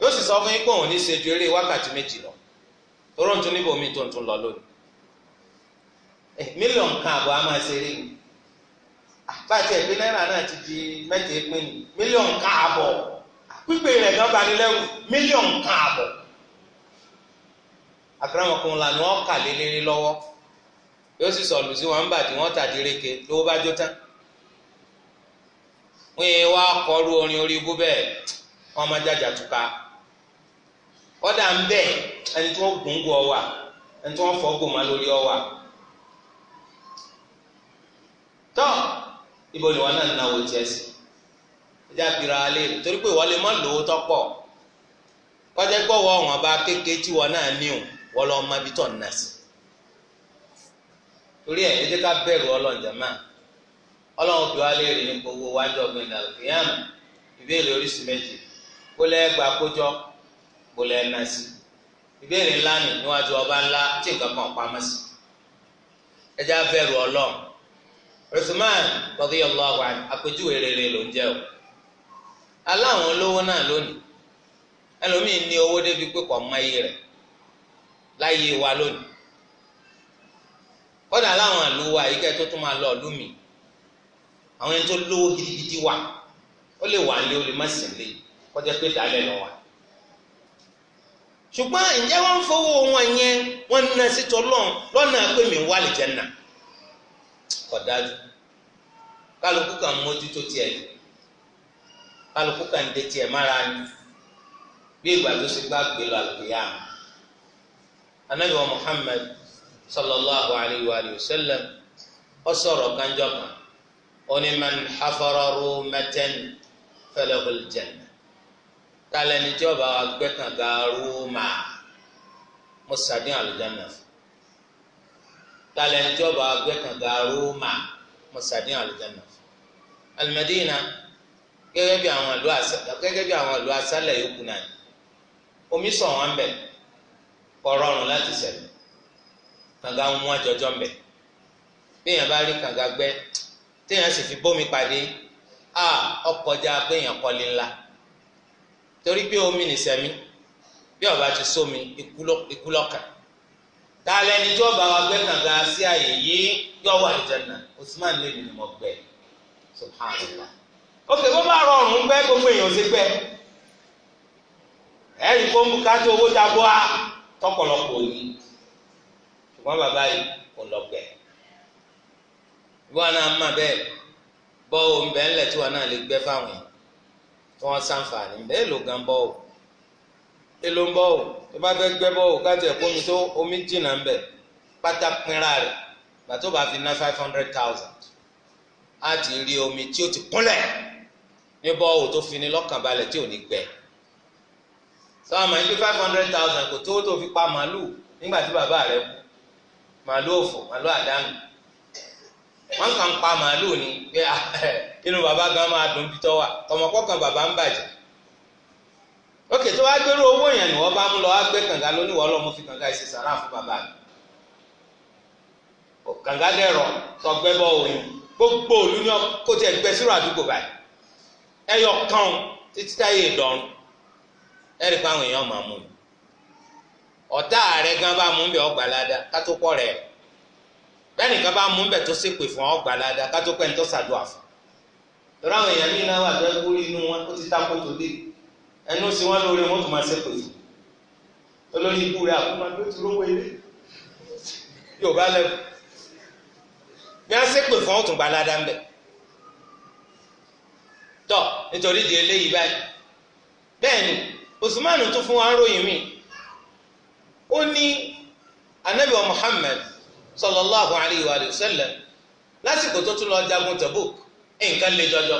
yóò sì sọ fún yín pé òun ní ṣe ju eré wákàtí méjì lọ toró ń tún níbo mi lọ lónìí mílíọ̀nù kan àbọ̀ a máa àbájá náírà náà ti di mẹ́ta ìpín ni mílíọ̀nù kan àbọ̀ pípé rẹ̀ gan bani lẹ́rù mílíọ̀nù kan àbọ̀ àkàràmọ̀kùnrin lànà ọ̀kà lélẹ́rẹ́ lọ́wọ́ yóò sì sọ̀lù sí wọn bàtí wọn reke lówó bá jó tán wọn yẹn wá kọrú orin orí ọ̀dà ń bẹ̀ ẹni tí wọ́n gùn ọwà ẹni tí wọ́n fọ́ gùn lórí ọwà tọ́ ibo ni wọn náà náwó tiẹ̀ sí ẹjẹ́ àbíra alẹ́ torí pé ìwọlé mọ́ lówó tọ́pọ̀ kọjá gbọ́wọ́ wọn bá kéke tí wọn náà má bí nà sí torí ká máa bí gbólẹ̀ ẹ̀ sí ìbéèrè ńlá nù níwájú ọba ńlá tí nǹkan kan pamọ́ sí ẹjẹ́ abẹ́rù ọlọ́run Uthman radiyallahu anhu àpèjúwe rere ló ń jẹ́ o aláwọn olówó náà lónìí ẹlòmíín ní owó débi pé kò mọ iye wa lónìí láwọn àlùwà lọ ọ̀lú mi àwọn ẹni tó lówó gidigidi wà ó lè wà lé ó lè má ṣùgbọ́n ǹjẹ́ wọ́n ń fowó wọn yẹn wọ́n ń ná sí tọ́lọ́n lọ́nà pé mi wà lè jẹ́ nà kọ̀ dájú kálukú kan mójútó tiẹ̀ kálukú kan dé tiẹ̀ mára ni bí ìgbà tó ṣe gbá gbé lọ àlùkìyà anabi wa Muhammad sallallahu alayhi wa sallam ó sọ̀rọ̀ kanjọ́ kan ó ní man hafara rumatan falahul janna talẹ ni tí ọba wa gbẹ́ kànga rúmà mo sàdéhùn àlùjáná talẹ ni tí ọba wa gbẹ́ kànga rúmà mo sàdéhùn àlùjáná alimadina gẹ́gẹ́ bí àwọn ìlú àṣà gẹ́gẹ́ bí àwọn ìlú aṣálẹ̀ yòókù náà omi sọ wọn bẹ kò rọrùn láti ṣẹlẹ̀ kànga mú àjọjọ bẹ béèyàn bá rí kànga gbẹ́ téèyàn sì fi bómi pàdé a ọkọjá béèyàn ńlá torí pé omi nìsẹ̀mí bí ọba ti sómi ikú lọ́kàn tá a lẹni tí ọba wa gbẹ́ kànga sí àyè yìí yọ wà àlùjánnà Usman lè nínú mọ́ gbẹ́ subhanallah òkè bó bá rọrùn gbẹ́ gbogbo èèyàn ti gbẹ́ ẹ̀rí kó ń bùkátà owó tabua tọkọlọpọ̀ yìí ṣùgbọ́n bàbá yìí kò lọ gbẹ́ ìwọ náà má bẹ́ẹ̀ bọ́ òun bẹ́ẹ̀ ńlẹ̀ tí wọn náà lè gbẹ́ fáwọn yìí tí wọ́n sàǹfààní bẹ́ẹ̀ ló gan bọ́ o èlò ń bọ́ o tó bá fẹ́ gbẹ́ bọ́ o káàtì ẹ̀kọ́ omi tó omi jìnnà ń bẹ̀ pátá pinra rẹ̀ gbàtó bá fi ná five hundred thousand á ti rí omi tí ó ti kúnlẹ̀ ní bọ́ o tó fi ní lọ́kàn balẹ̀ tí ò ní gbẹ sọ àmọ́ ilé five hundred thousand kò tó tó fi pa màálù nígbà tí bàbá rẹ̀ kú màálù òfò màálù àdánù wọn kàn pa màálù ni pé ah, *laughs* inú bàbá gan máa dùn bí tọ́wà tọmọkọ́ kan bàbá ń bàjẹ́ ókè tó wá gbérú owó yẹn ni bá lọ wá gbé kànga lóníwọ̀ ọlọ́mú fi kànga ìṣe sàrà fún bàbá mi kànga dẹrọ òyìn gbogbo òlu ni kò tiẹ̀ gbẹ sírò àdúgbò báyìí títí táyé àwọn èèyàn máa mú un ọ̀tá gan bá mú tẹnìkan bá mú bẹ̀ tó ṣépè fún ọ gbàládà kátó pẹ́ ní tó ṣàdúrà fún àwọn èèyàn ní náà wà ẹgbẹ́ inú wọn ó ti dáko tó dé ẹnu sí wọn lórí wọn tó máa ṣépè fún olórí ikú rẹ àkúmọ ló ti rówó ilé yóò bá lẹ́wọ̀ bí wọ́n ṣépè fún ọ tún ń bẹ̀ tọ́ nítorí di eléyìí báyìí bẹ́ẹ̀ ni Usman tún fún wa ń ròyìn mi ó ní anabi wa sallallahu alayhi wa sallam lásìkò tó tún lọ jagun Tabuk nǹkan lè jọjọ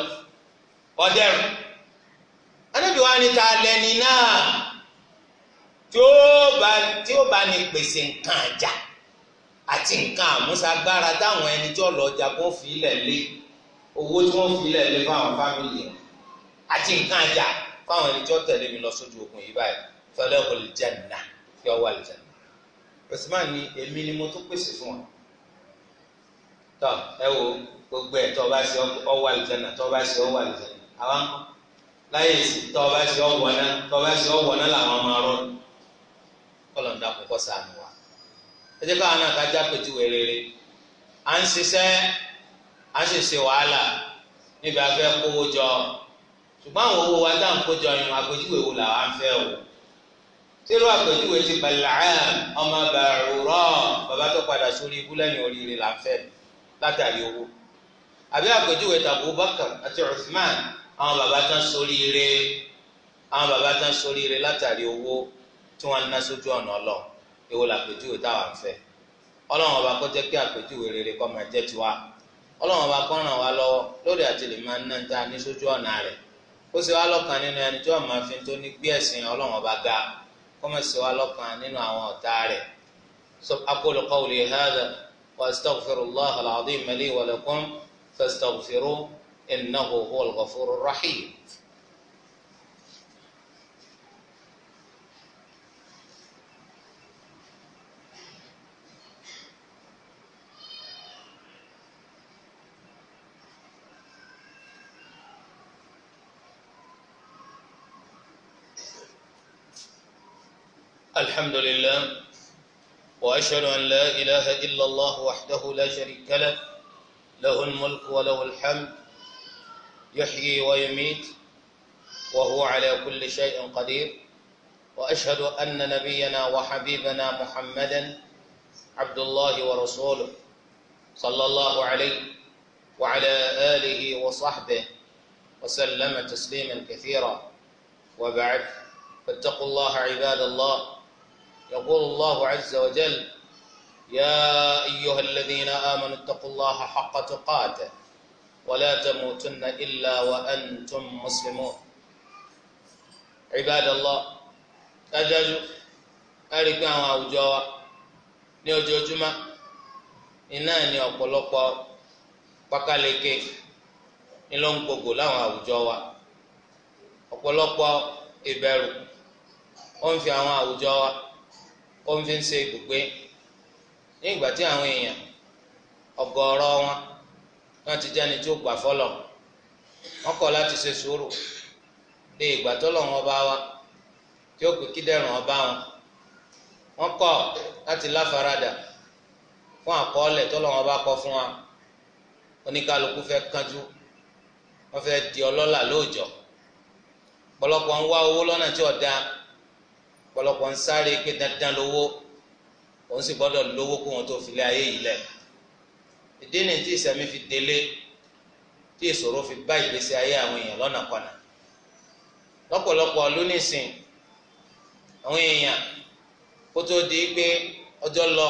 ọdẹrùn anábì wa ni ta lẹni náà tí ó bá tí ó bá ní pèsè nǹkan àjà àti nǹkan àmúṣagbára táwọn ẹni tí ó lọ jagun fi ilẹ̀ lé owó tí wọ́n fi ilẹ̀ lé fáwọn fámìlì rẹ̀ àti nǹkan àjà fáwọn ẹni tí ó tẹ̀lé mi lọ sójú ogun yìí báyìí fẹlẹ́ olùjẹ́ nà kí ọ wà lùjẹ́ nà. Usman ni èmi ni mo tún pèsè fún ọ tọ ẹ wo gbogbo ẹ tọ ọba sí ọwọ àlùjáná tọ ọba sí ọwọ àlùjáná àwọn kọ láyé èsì tọ ọba sí ọwọ náà tọ ọba sí ọwọ náà làwọn máa rọ kọlọ ń dàpọ kọ sànù wa ẹ jẹ káwọn náà kájá pẹtùwẹ rere à ń ṣiṣẹ́ à ń ṣèṣe wàhálà níbi afẹ́ kówó jọ ṣùgbọ́n àwọn owó wa dáhùn kó jọ yun àpèjúwe wo làwọn afẹ́ wò tíru àpèjúwe ti Bal'am ọmọ Ba'ura bàbá tó padà sórí ibú lẹ́yìn oríire làǹfẹ́ látàrí owó àbí àpèjúwe tàbí Bakr àti Uthman àwọn bàbá tán sórí ire àwọn bàbá tán sórí ire látàrí owó tí wọ́n ná sójú ọ̀nà ọlọ́ èwo làpèjúwe táwa ń fẹ́ ọlọ́run ọba kó jẹ́ kí àpèjúwe rere kó máa jẹ́ tiwa ọlọ́run ọba kó ràn wá lórí àti lè máa ná ta ní sójú ọ̀nà rẹ̀ ó sì wá lọ́kàn nínú ẹni tí wọ́n máa fi tó ní gbé ẹ̀sìn ọlọ́run ọba ga kọ́mọ̀ sí wa lọ́kàn nínú àwọn ọ̀tá rẹ̀ aqulu qawli hadha wa astaghfirullah al-azim li wa lakum fastaghfiruhu innahu huwal ghafurur rahim. الحمد لله وأشهد أن لا إله إلا الله وحده لا شريك له له الملك وله الحمد يحيي ويميت وهو على كل شيء قدير وأشهد أن نبينا وحبيبنا محمدا عبد الله ورسوله صلى الله عليه وعلى آله وصحبه وسلم تسليما كثيرا وبعد فاتقوا الله عباد الله يقول الله عز وجل يا أيها الذين آمنوا اتقوا الله حق تقاته ولا تموتن إلا وأنتم مسلمون عباد الله أجاجو أريكا وأوجوا ní ojoojúmọ́ iná ni ọ̀pọ̀lọpọ̀ pákáleke ni ló ń gbogbo láwọn àwùjọ wa ọ̀pọ̀lọpọ̀ ìbẹ̀rù ó ń fi àwọn àwùjọ wa. ó ń fi ń ṣe ibùgbé ní ìgbà tí àwọn èèyàn ọ̀gọ̀ọ̀rọ̀ wọn wọn ti jẹni tí ó gbà fọlọ wọn láti ṣe sùúrù de ìgbà tọ́lọ́run wa tí ó pè kídẹ̀rùn ọba wọn wọn láti láfaradà fún àkọọ́lẹ̀ tọ́lọ́run ọba kọ fún wa oníkálukú fẹ́ kánjú wọn di ọlọ́lá lóòjọ́ ọ̀pọ̀lọpọ̀ ń wá owó lọ́nà tí ọ̀pọ̀lọpọ̀ ń sáré pé dandan lówó òun sì gbọ́dọ̀ lówó kó wọn tó filé ayé yìí lẹ̀ ìdí ni tí ìsẹ̀mí fi délé tí ìṣòro fi bá ìgbésí ayé àwọn èèyàn lọ́nà kọ̀nà lọ́pọ̀lọpọ̀ lónìsìn àwọn èèyàn kó tó di pé ọjọ́ lọ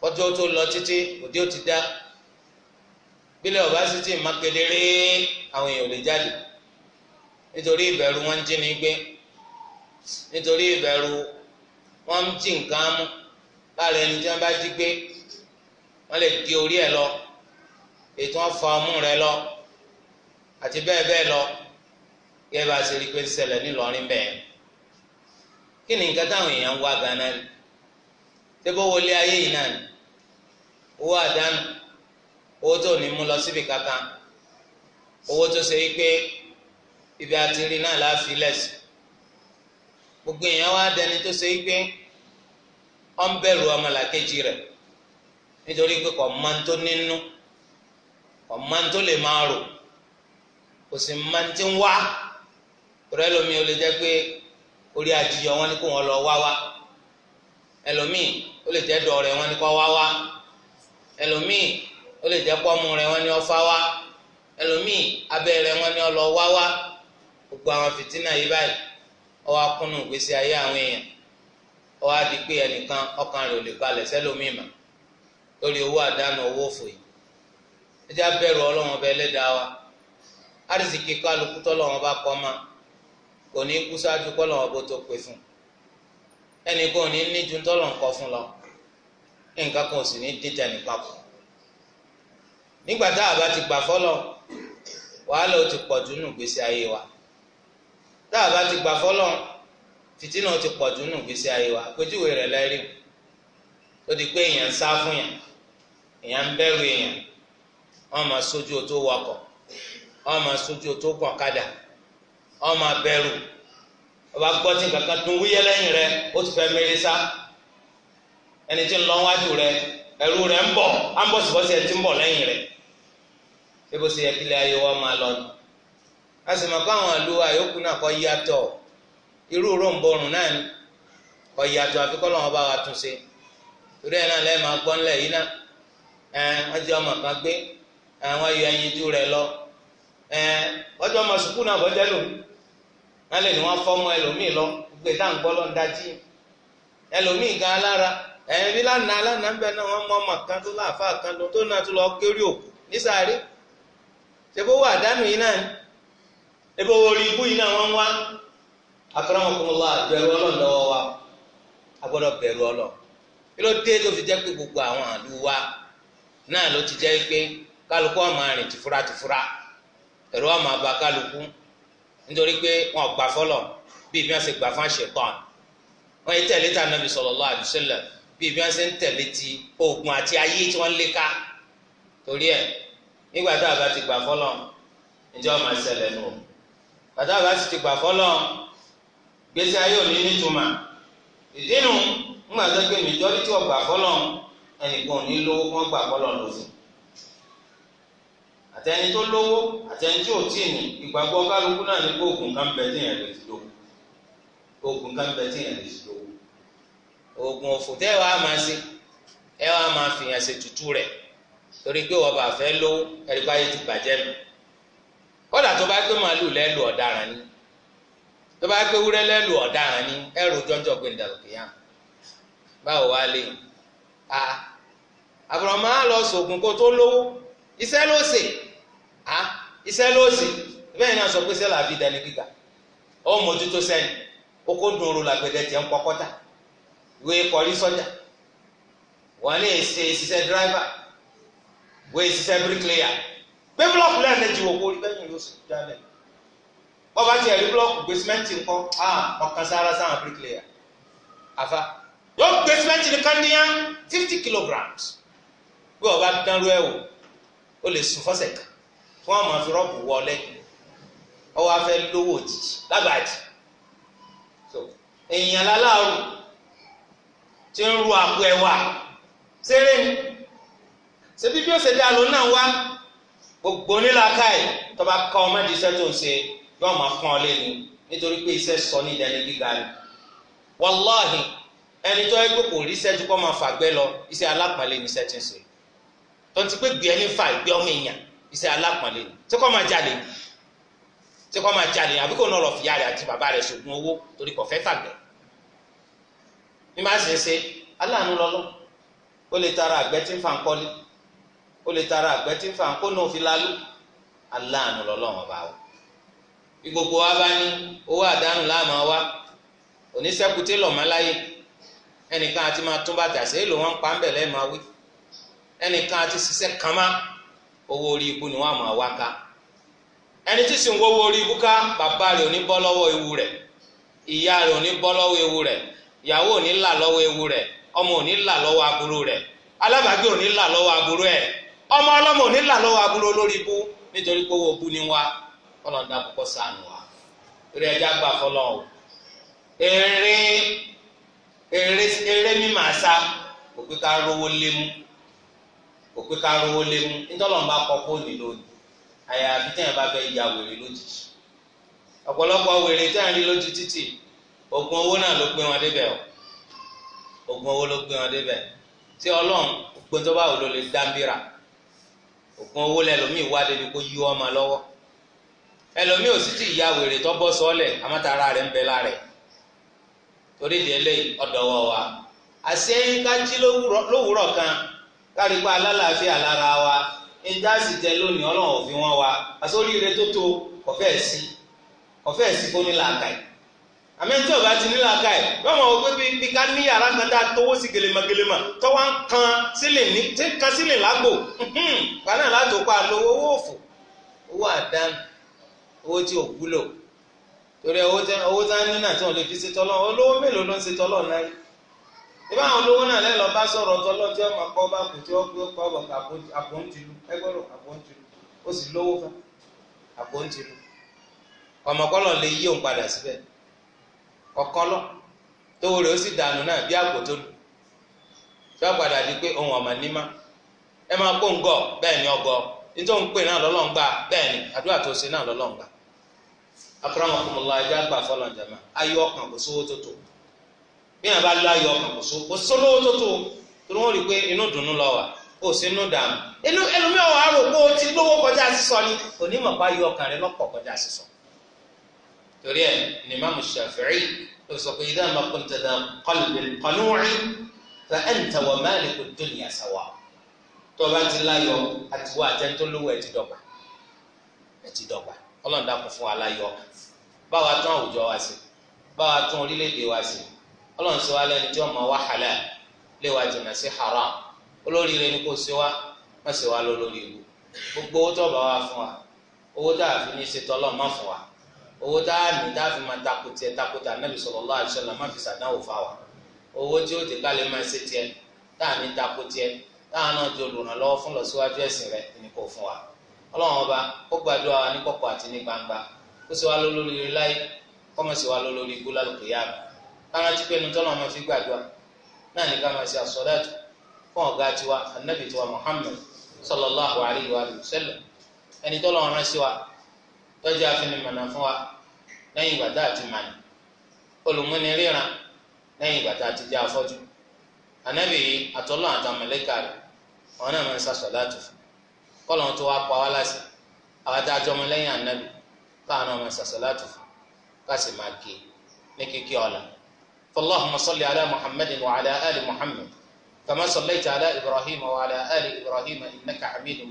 kọjọ́ tó lọ títí òde ó ti dá bílẹ̀ ọba sì ti má kedere àwọn èèyàn ò lè jáde nítorí ìbẹ̀rù wọn ń jí ni gbé nítorí ìbẹ̀rù wọ́n ń jí nǹkan mú láàrin ẹni tí wọ́n bá jí gbé wọ́n lè di orí ẹ̀ lọ ètò wọn fa ọmú rẹ̀ lọ àti bẹ́ẹ̀ bẹ́ẹ̀ lọ yẹ bá a ṣe rí pé ń ṣẹlẹ̀ nílọrin bẹ́ẹ̀ kí ni nǹkan táwọn èèyàn ń wá ganan ni tẹ́bọ̀ wọlé ayé yìí náà ni owó àdánù owó tó ní mú lọ síbi kankan owó tó ṣe yí pé ibi àti rí náà láàfin lẹ́sìn gbogbo èèyàn wá dẹni tó ṣe é pé ọ ń bẹ̀rù ọmọlàkejì rẹ̀ nítorí pé kò máa tó nínú kò máa tó lè máa rò kò sì máa tí ń wá rẹ̀ ò lè jẹ́ pé orí àjíyọ wọn ni kò wọ́n lọ wá wá ẹlòmíì ó lè jẹ́ wọn ni kò ọwọ́ akúnnú ìgbésí ayé àwọn èèyàn ọwọ́ adi ẹnìkan ọkàn rẹ̀ ò lè balẹ̀ sẹ́lómìn lórí owó àdánù owó òfò ẹjẹ́ abẹ́rù ọlọ́run ọba ẹlẹ́dàá wa àrísìkí tọ́lọ́run bá kọ́ ma kò ní kú sáájú kọ́lọ́run tó pè fún ẹnì kan ò ní ju tọ́lọ́run kọ́ fún lọ nǹkan kan ò sì ní kù a bá ti gbà wàhálà ó pọ̀ jù nù ayé wa. tá a bá ti gbà fọlọ́n fìtínà ti pọ̀ nù gbèsè ayé wa di pé èèyàn ń sá fún yàn èèyàn ń bẹ̀rù èèyàn wọ́n máa sójú o tó wakọ̀ wọ́n máa sójú o tó kàn kadà wọ́n máa bẹ̀rù ọba gbọ́ tí tún rẹ ó ti fẹ́ mẹ́rin sá ẹni lọ wájú rẹ ẹ̀rù rẹ ń bọ̀ á ń bọ̀ síbọ̀sí ń bọ̀ lẹ́yìn rẹ bí bó ṣe yẹ kílẹ̀ ayé lọ a sì mọ̀ pé àwọn ìlú àyókù náà kọ́ yàtọ̀ irú ròǹbọrùn náà ni kọ́ yàtọ̀ àfi kọ́ lọ́wọ́ bá wa tún ṣe torí ẹ̀ náà lẹ́ẹ̀ máa gbọ́ ńlẹ̀ yìí náà ẹ̀ wọ́n ti ọmọ kan gbé àwọn yọ ẹyin ju rẹ̀ lọ ẹ̀ wọ́n ti ọmọ sùkúù náà bọ́jẹ́ lò wọ́n lè ní wọ́n ẹlòmíì lọ gbé tá à ń gbọ́ dájí ẹlòmíì gan alára lánàá ń bẹ ebe orí ibú yìí na wọ́n nwa akọ́nàmọ́kùnmọ́lá bẹ̀rù ọlọ́run lọ́wọ́ wa a gbọ́dọ̀ ọlọ ọlọ́run kí ló fi jẹ́ gbogbo àwọn àlù wa náà ló ti jẹ́ pé kálukú ọmọ àrìn tìfura nítorí pé wọn gbà fọlọ bí ibi wọn gbà fún wọn yìí tẹ̀lé nàbì bí ibi fọlọ ǹjẹ́ ọmọ ẹsẹ̀ bàtà bá sì ti gbà fọlọ́ gbèsè ayé òní nítumà ìdínú ńgbà tó gbé mìjọ́rí tí wọ́n gbà fọlọ́ ẹnìkan ò ní lówó kán gbà fọlọ́ lóṣùn àtẹni tó lówó àtẹni tí ò tí ì ní ìgbàgbọ́ kálukú náà ní oògùn kan bẹ tí yẹn lè ti lówó oògùn kan bẹ tí yẹn lè ti lówó oògùn òfò tẹ́ ẹ wàá máa ṣe ẹ wàá máa fìyàn ṣe tutù rẹ̀ torí pé wọ́n bá fẹ́ lówó ẹ̀rí báyìí ti bàjẹ́ mi. kódà tó bá gbé màálù lẹ́lù ọ̀daràn ni tó bá gbé wúrẹ́ lẹ́lù ọ̀daràn ni ẹrù jọjọ gbé ìdàlùkìyà báwo wá lè a àbùrọ̀mọ́ á lọ sògùn kó tó lówó iṣẹ́ ló a iṣẹ́ ló bẹ́ẹ̀ náà sọ pé ó mójútó sẹ́yìn tiẹ̀ ń kọ́kọ́ta yóò sì jálẹ̀ bọ́ba tiẹ̀ rí búlọ́ọ̀kù gbé símẹ́ǹtì ńkọ́ ọkàn ah, sára sáwọn bíríkìlẹ̀yà afa yóò gbé símẹ́ǹtì ní kánìyà fifty kilograms bí ọba dánrú ẹ̀ wò ó lè sùn fọ́sẹ̀ kan fún ọmọ fi rọ́ọ̀bù wọlé ọwọ́ afẹ́ lówó òjijì lágbàájì so èèyàn láláàrú tí ń ru àpò ẹ̀wà ṣeré ni ṣebí bí ó ṣe dá lọ náà wá gbogbo onílàákàyè tó bá ká ọmọ di iṣẹ́ tó ń ṣe yóò máa pọ́n ọ lẹ́nu nítorí pé iṣẹ́ sọ ní ìdẹni gíga ni wàláhì ẹni tó yẹ pé kò rí iṣẹ́ tó kọ́ máa fàgbẹ́ lọ iṣẹ́ alápàlẹ́ ní iṣẹ́ tí ń ṣe tó ti pé gbé ẹni fa ìgbé ọmọ èèyàn iṣẹ́ alápàlẹ́ ni tí máa jalè tí kò máa jalè àbí kò náà lọ fìyà rẹ̀ àti bàbá rẹ̀ ṣògùn owó torí kò fẹ́ fàgbẹ́ ní má ṣe ṣe aláàánú lọ́lọ́ ó lè tara àgbẹ̀ tí ń fa nǹkan o lè tara àgbẹ̀ tí ń fa kó náà fi lálú aláàánú lọ́lọ́run ọba o bí gbogbo wa bá ní owó àdánù láàmú wa oníṣẹ́kùté lọ́mọláyé ẹnìkan àti máa tún bàtà sí èlò wọn pa ń bẹ̀ lẹ́ẹ̀ máa ẹnìkan àti ṣiṣẹ́ kan owó orí ni wọ́n máa wá ká ẹni tí sì ń wọ́wọ́ orí ibú ká bàbá rẹ̀ ò ní bọ́ lọ́wọ́ ewu rẹ̀ ìyá rẹ̀ ò ní bọ́ lọ́wọ́ ewu rẹ̀ ìyàwó ọmọ ọlọ́mọ ò ní là lọ́wọ́ aburú olórí ibú nítorí pé owó bú ni wá ọlọ́dà púpọ̀ sànù wa eré ẹja gbà fọlọ́ o eré eré eré mímọ̀ àṣà kò pé ká rówó lé mú kò pé ká rówó lé mú nítorí bá kọ́ fóònù lónìí àyàfi tẹ̀yìn bá fẹ́ ya wèrè lójijì ọ̀pọ̀lọpọ̀ wèrè tẹ̀yìn rí lójú títì oògùn owó náà ló gbé wọn débẹ̀ o oògùn owó ló gbé wọn débẹ̀ tí ọlọ́run gbọ́dọ̀ báwo ló lè dábìrà. òkun owó lẹlòmíì wá débi kó yí ọmọ lọ́wọ́ ẹlòmíì ò sì tí ìyá wèrè tó bọ́ rẹ̀ ń bẹ lára ẹ̀ torí ìdí eléyìí wa àṣẹ kan kárípa alálàáfíà lára wa ẹja sì lónìí wa tó tó kó àmẹ́tí ọ̀bá ti nílá ká ẹ̀ wọ́n mọ̀ wọ́n pé ká ní yàrá kan dá tówó sí gèlèmọ̀gèlèmọ̀ tó wá ń kan sílẹ̀ ní tí ń kan sílẹ̀ lágbo gbaná látò pa lówó owó òfò owó àdánù owó tí ò wúlò torí owó tí owó tí wọ́n ní náà tí wọ́n lè fi ṣe tọ́lọ́ olówó mélòó ló ń ṣe tọ́lọ́ náà yìí ìbá àwọn olówó náà lẹ́lọ bá sọ̀rọ̀ tọ́lọ́ tí wọ́n máa kọ́ bá kù tí wọ́n gbé kọ́ bọ̀ àpòǹtìlú ẹgbẹ́rún àpòǹtìlú ó sì lówó Ọkọlọ, tówó rẹ̀ ó sì dànù náà bí àgbòtó lù tí a padà di pé ohun ọmọ ní ma ẹ máa kó ni ọgọ nítorí pè náà lọlọ́ngbà bẹ́ẹ̀ ni àdúrà tó ṣe náà lọlọ́ngbà akọrọmọ lọ ọkàn kò sówó bí bá lọ ọkàn kò sówó sólówó tó rí torí ẹ̀ ní imáàmù Shafi'i ló sọ pé idha ma kunta dha qalbil qanu'i fa anta wa maliku dunya sawa tó o bá ti láyọ̀ àtiwọ́ àtẹ́ntólówó ẹ̀ ti dọ̀gba ẹ̀ ti dọ̀gba ọlọ́run dákun fún wa láyọ̀ báwa tún àwùjọ wa sí báwa tún orílẹ̀-èdè wa sí ọlọ́run sọ wa lẹ́ni tí wọ́n máa wá halal lé wa jìnnà sí haram olóríire ni kò sí wa má sì wá lólórí ìlú gbogbo owó tó bá wa fún wa owó tó àfi ní ṣe tọ́lọ́ má fún wa owó tá a ní tá a fi máa takò tiẹ̀ takò tà nàbì sallallahu alaihi wasallam má fi sàdánwò fa wa owó tí ó ti ká lè máa ṣe tiẹ̀ tá a ní takò tiẹ̀ tá a náà di olùrànlọ́wọ́ fún lọ síwájú ẹ̀sìn rẹ̀ ní kò fún wa ọlọ́run ọba ó gbàdúrà wa ní kọ̀kọ̀ àti ní gbangba ó sì wá lólórí láyé kọ́mọ̀ sì wá lólórí igbó lálùkìyà mi kárántí pé ẹnu tọ́lọ́ máa fi gbàdúrà náà ní ká máa ṣe àsọdájú fún ọ̀gá tiwa anabi tiwa Muhammad sallallahu alayhi wa sallam ẹni tọ́lọ́ rán sí wa tọ́jú afinimọ̀nà fún wa lẹ́yìn ìgbà tá a ti mọ̀nà olùmúni ríran lẹ́yìn ìgbà tá a ti jẹ́ afọ́jú ànábì àtọ́lọ́ àtàmọ̀lẹ́kà rẹ̀ wọn náà máa ń sàṣọ̀láàtù fún kọ́lọ́n tó wá pa wá láṣẹ àwọn tá a lẹ́yìn ànábì káwọn náà máa ń sàṣọ̀láàtù fún káṣí máa ké e ní kíkí ọ̀la fallahumma salli ala muhammadin wa ala ali muhammad kama sallaita ala ibrahim wa ala ali ibrahim innaka hamidun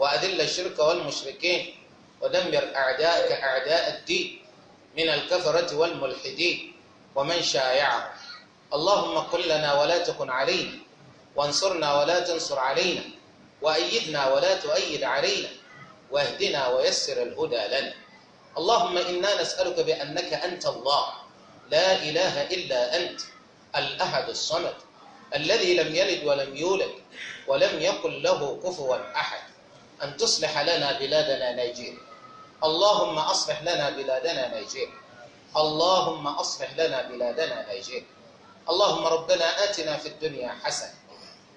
وأذل الشرك والمشركين ودمر أعداءك أعداء الدين من الكفرة والملحدين ومن شايعهم اللهم قل لنا ولا تكن علينا وانصرنا ولا تنصر علينا وأيدنا ولا تؤيد علينا واهدنا ويسر الهدى لنا اللهم إنا نسألك بأنك أنت الله لا إله إلا أنت الأحد الصمد الذي لم يلد ولم يولد ولم يقل له كفوا أحد أن تصلح لنا بلادنا نيجيريا اللهم أصلح لنا بلادنا نيجيريا اللهم أصلح لنا بلادنا نيجيريا اللهم ربنا آتنا في الدنيا حسنة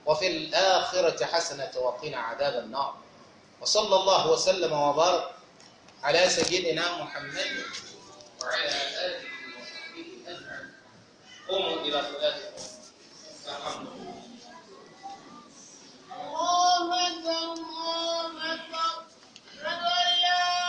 وفي الآخرة حسنة وقنا عذاب النار وصلى الله وسلم وبارك على سيدنا محمد وعلى آله وصحبه أجمعين قوموا إلى صلاتكم الحمد لله Allah, Allah, Allah,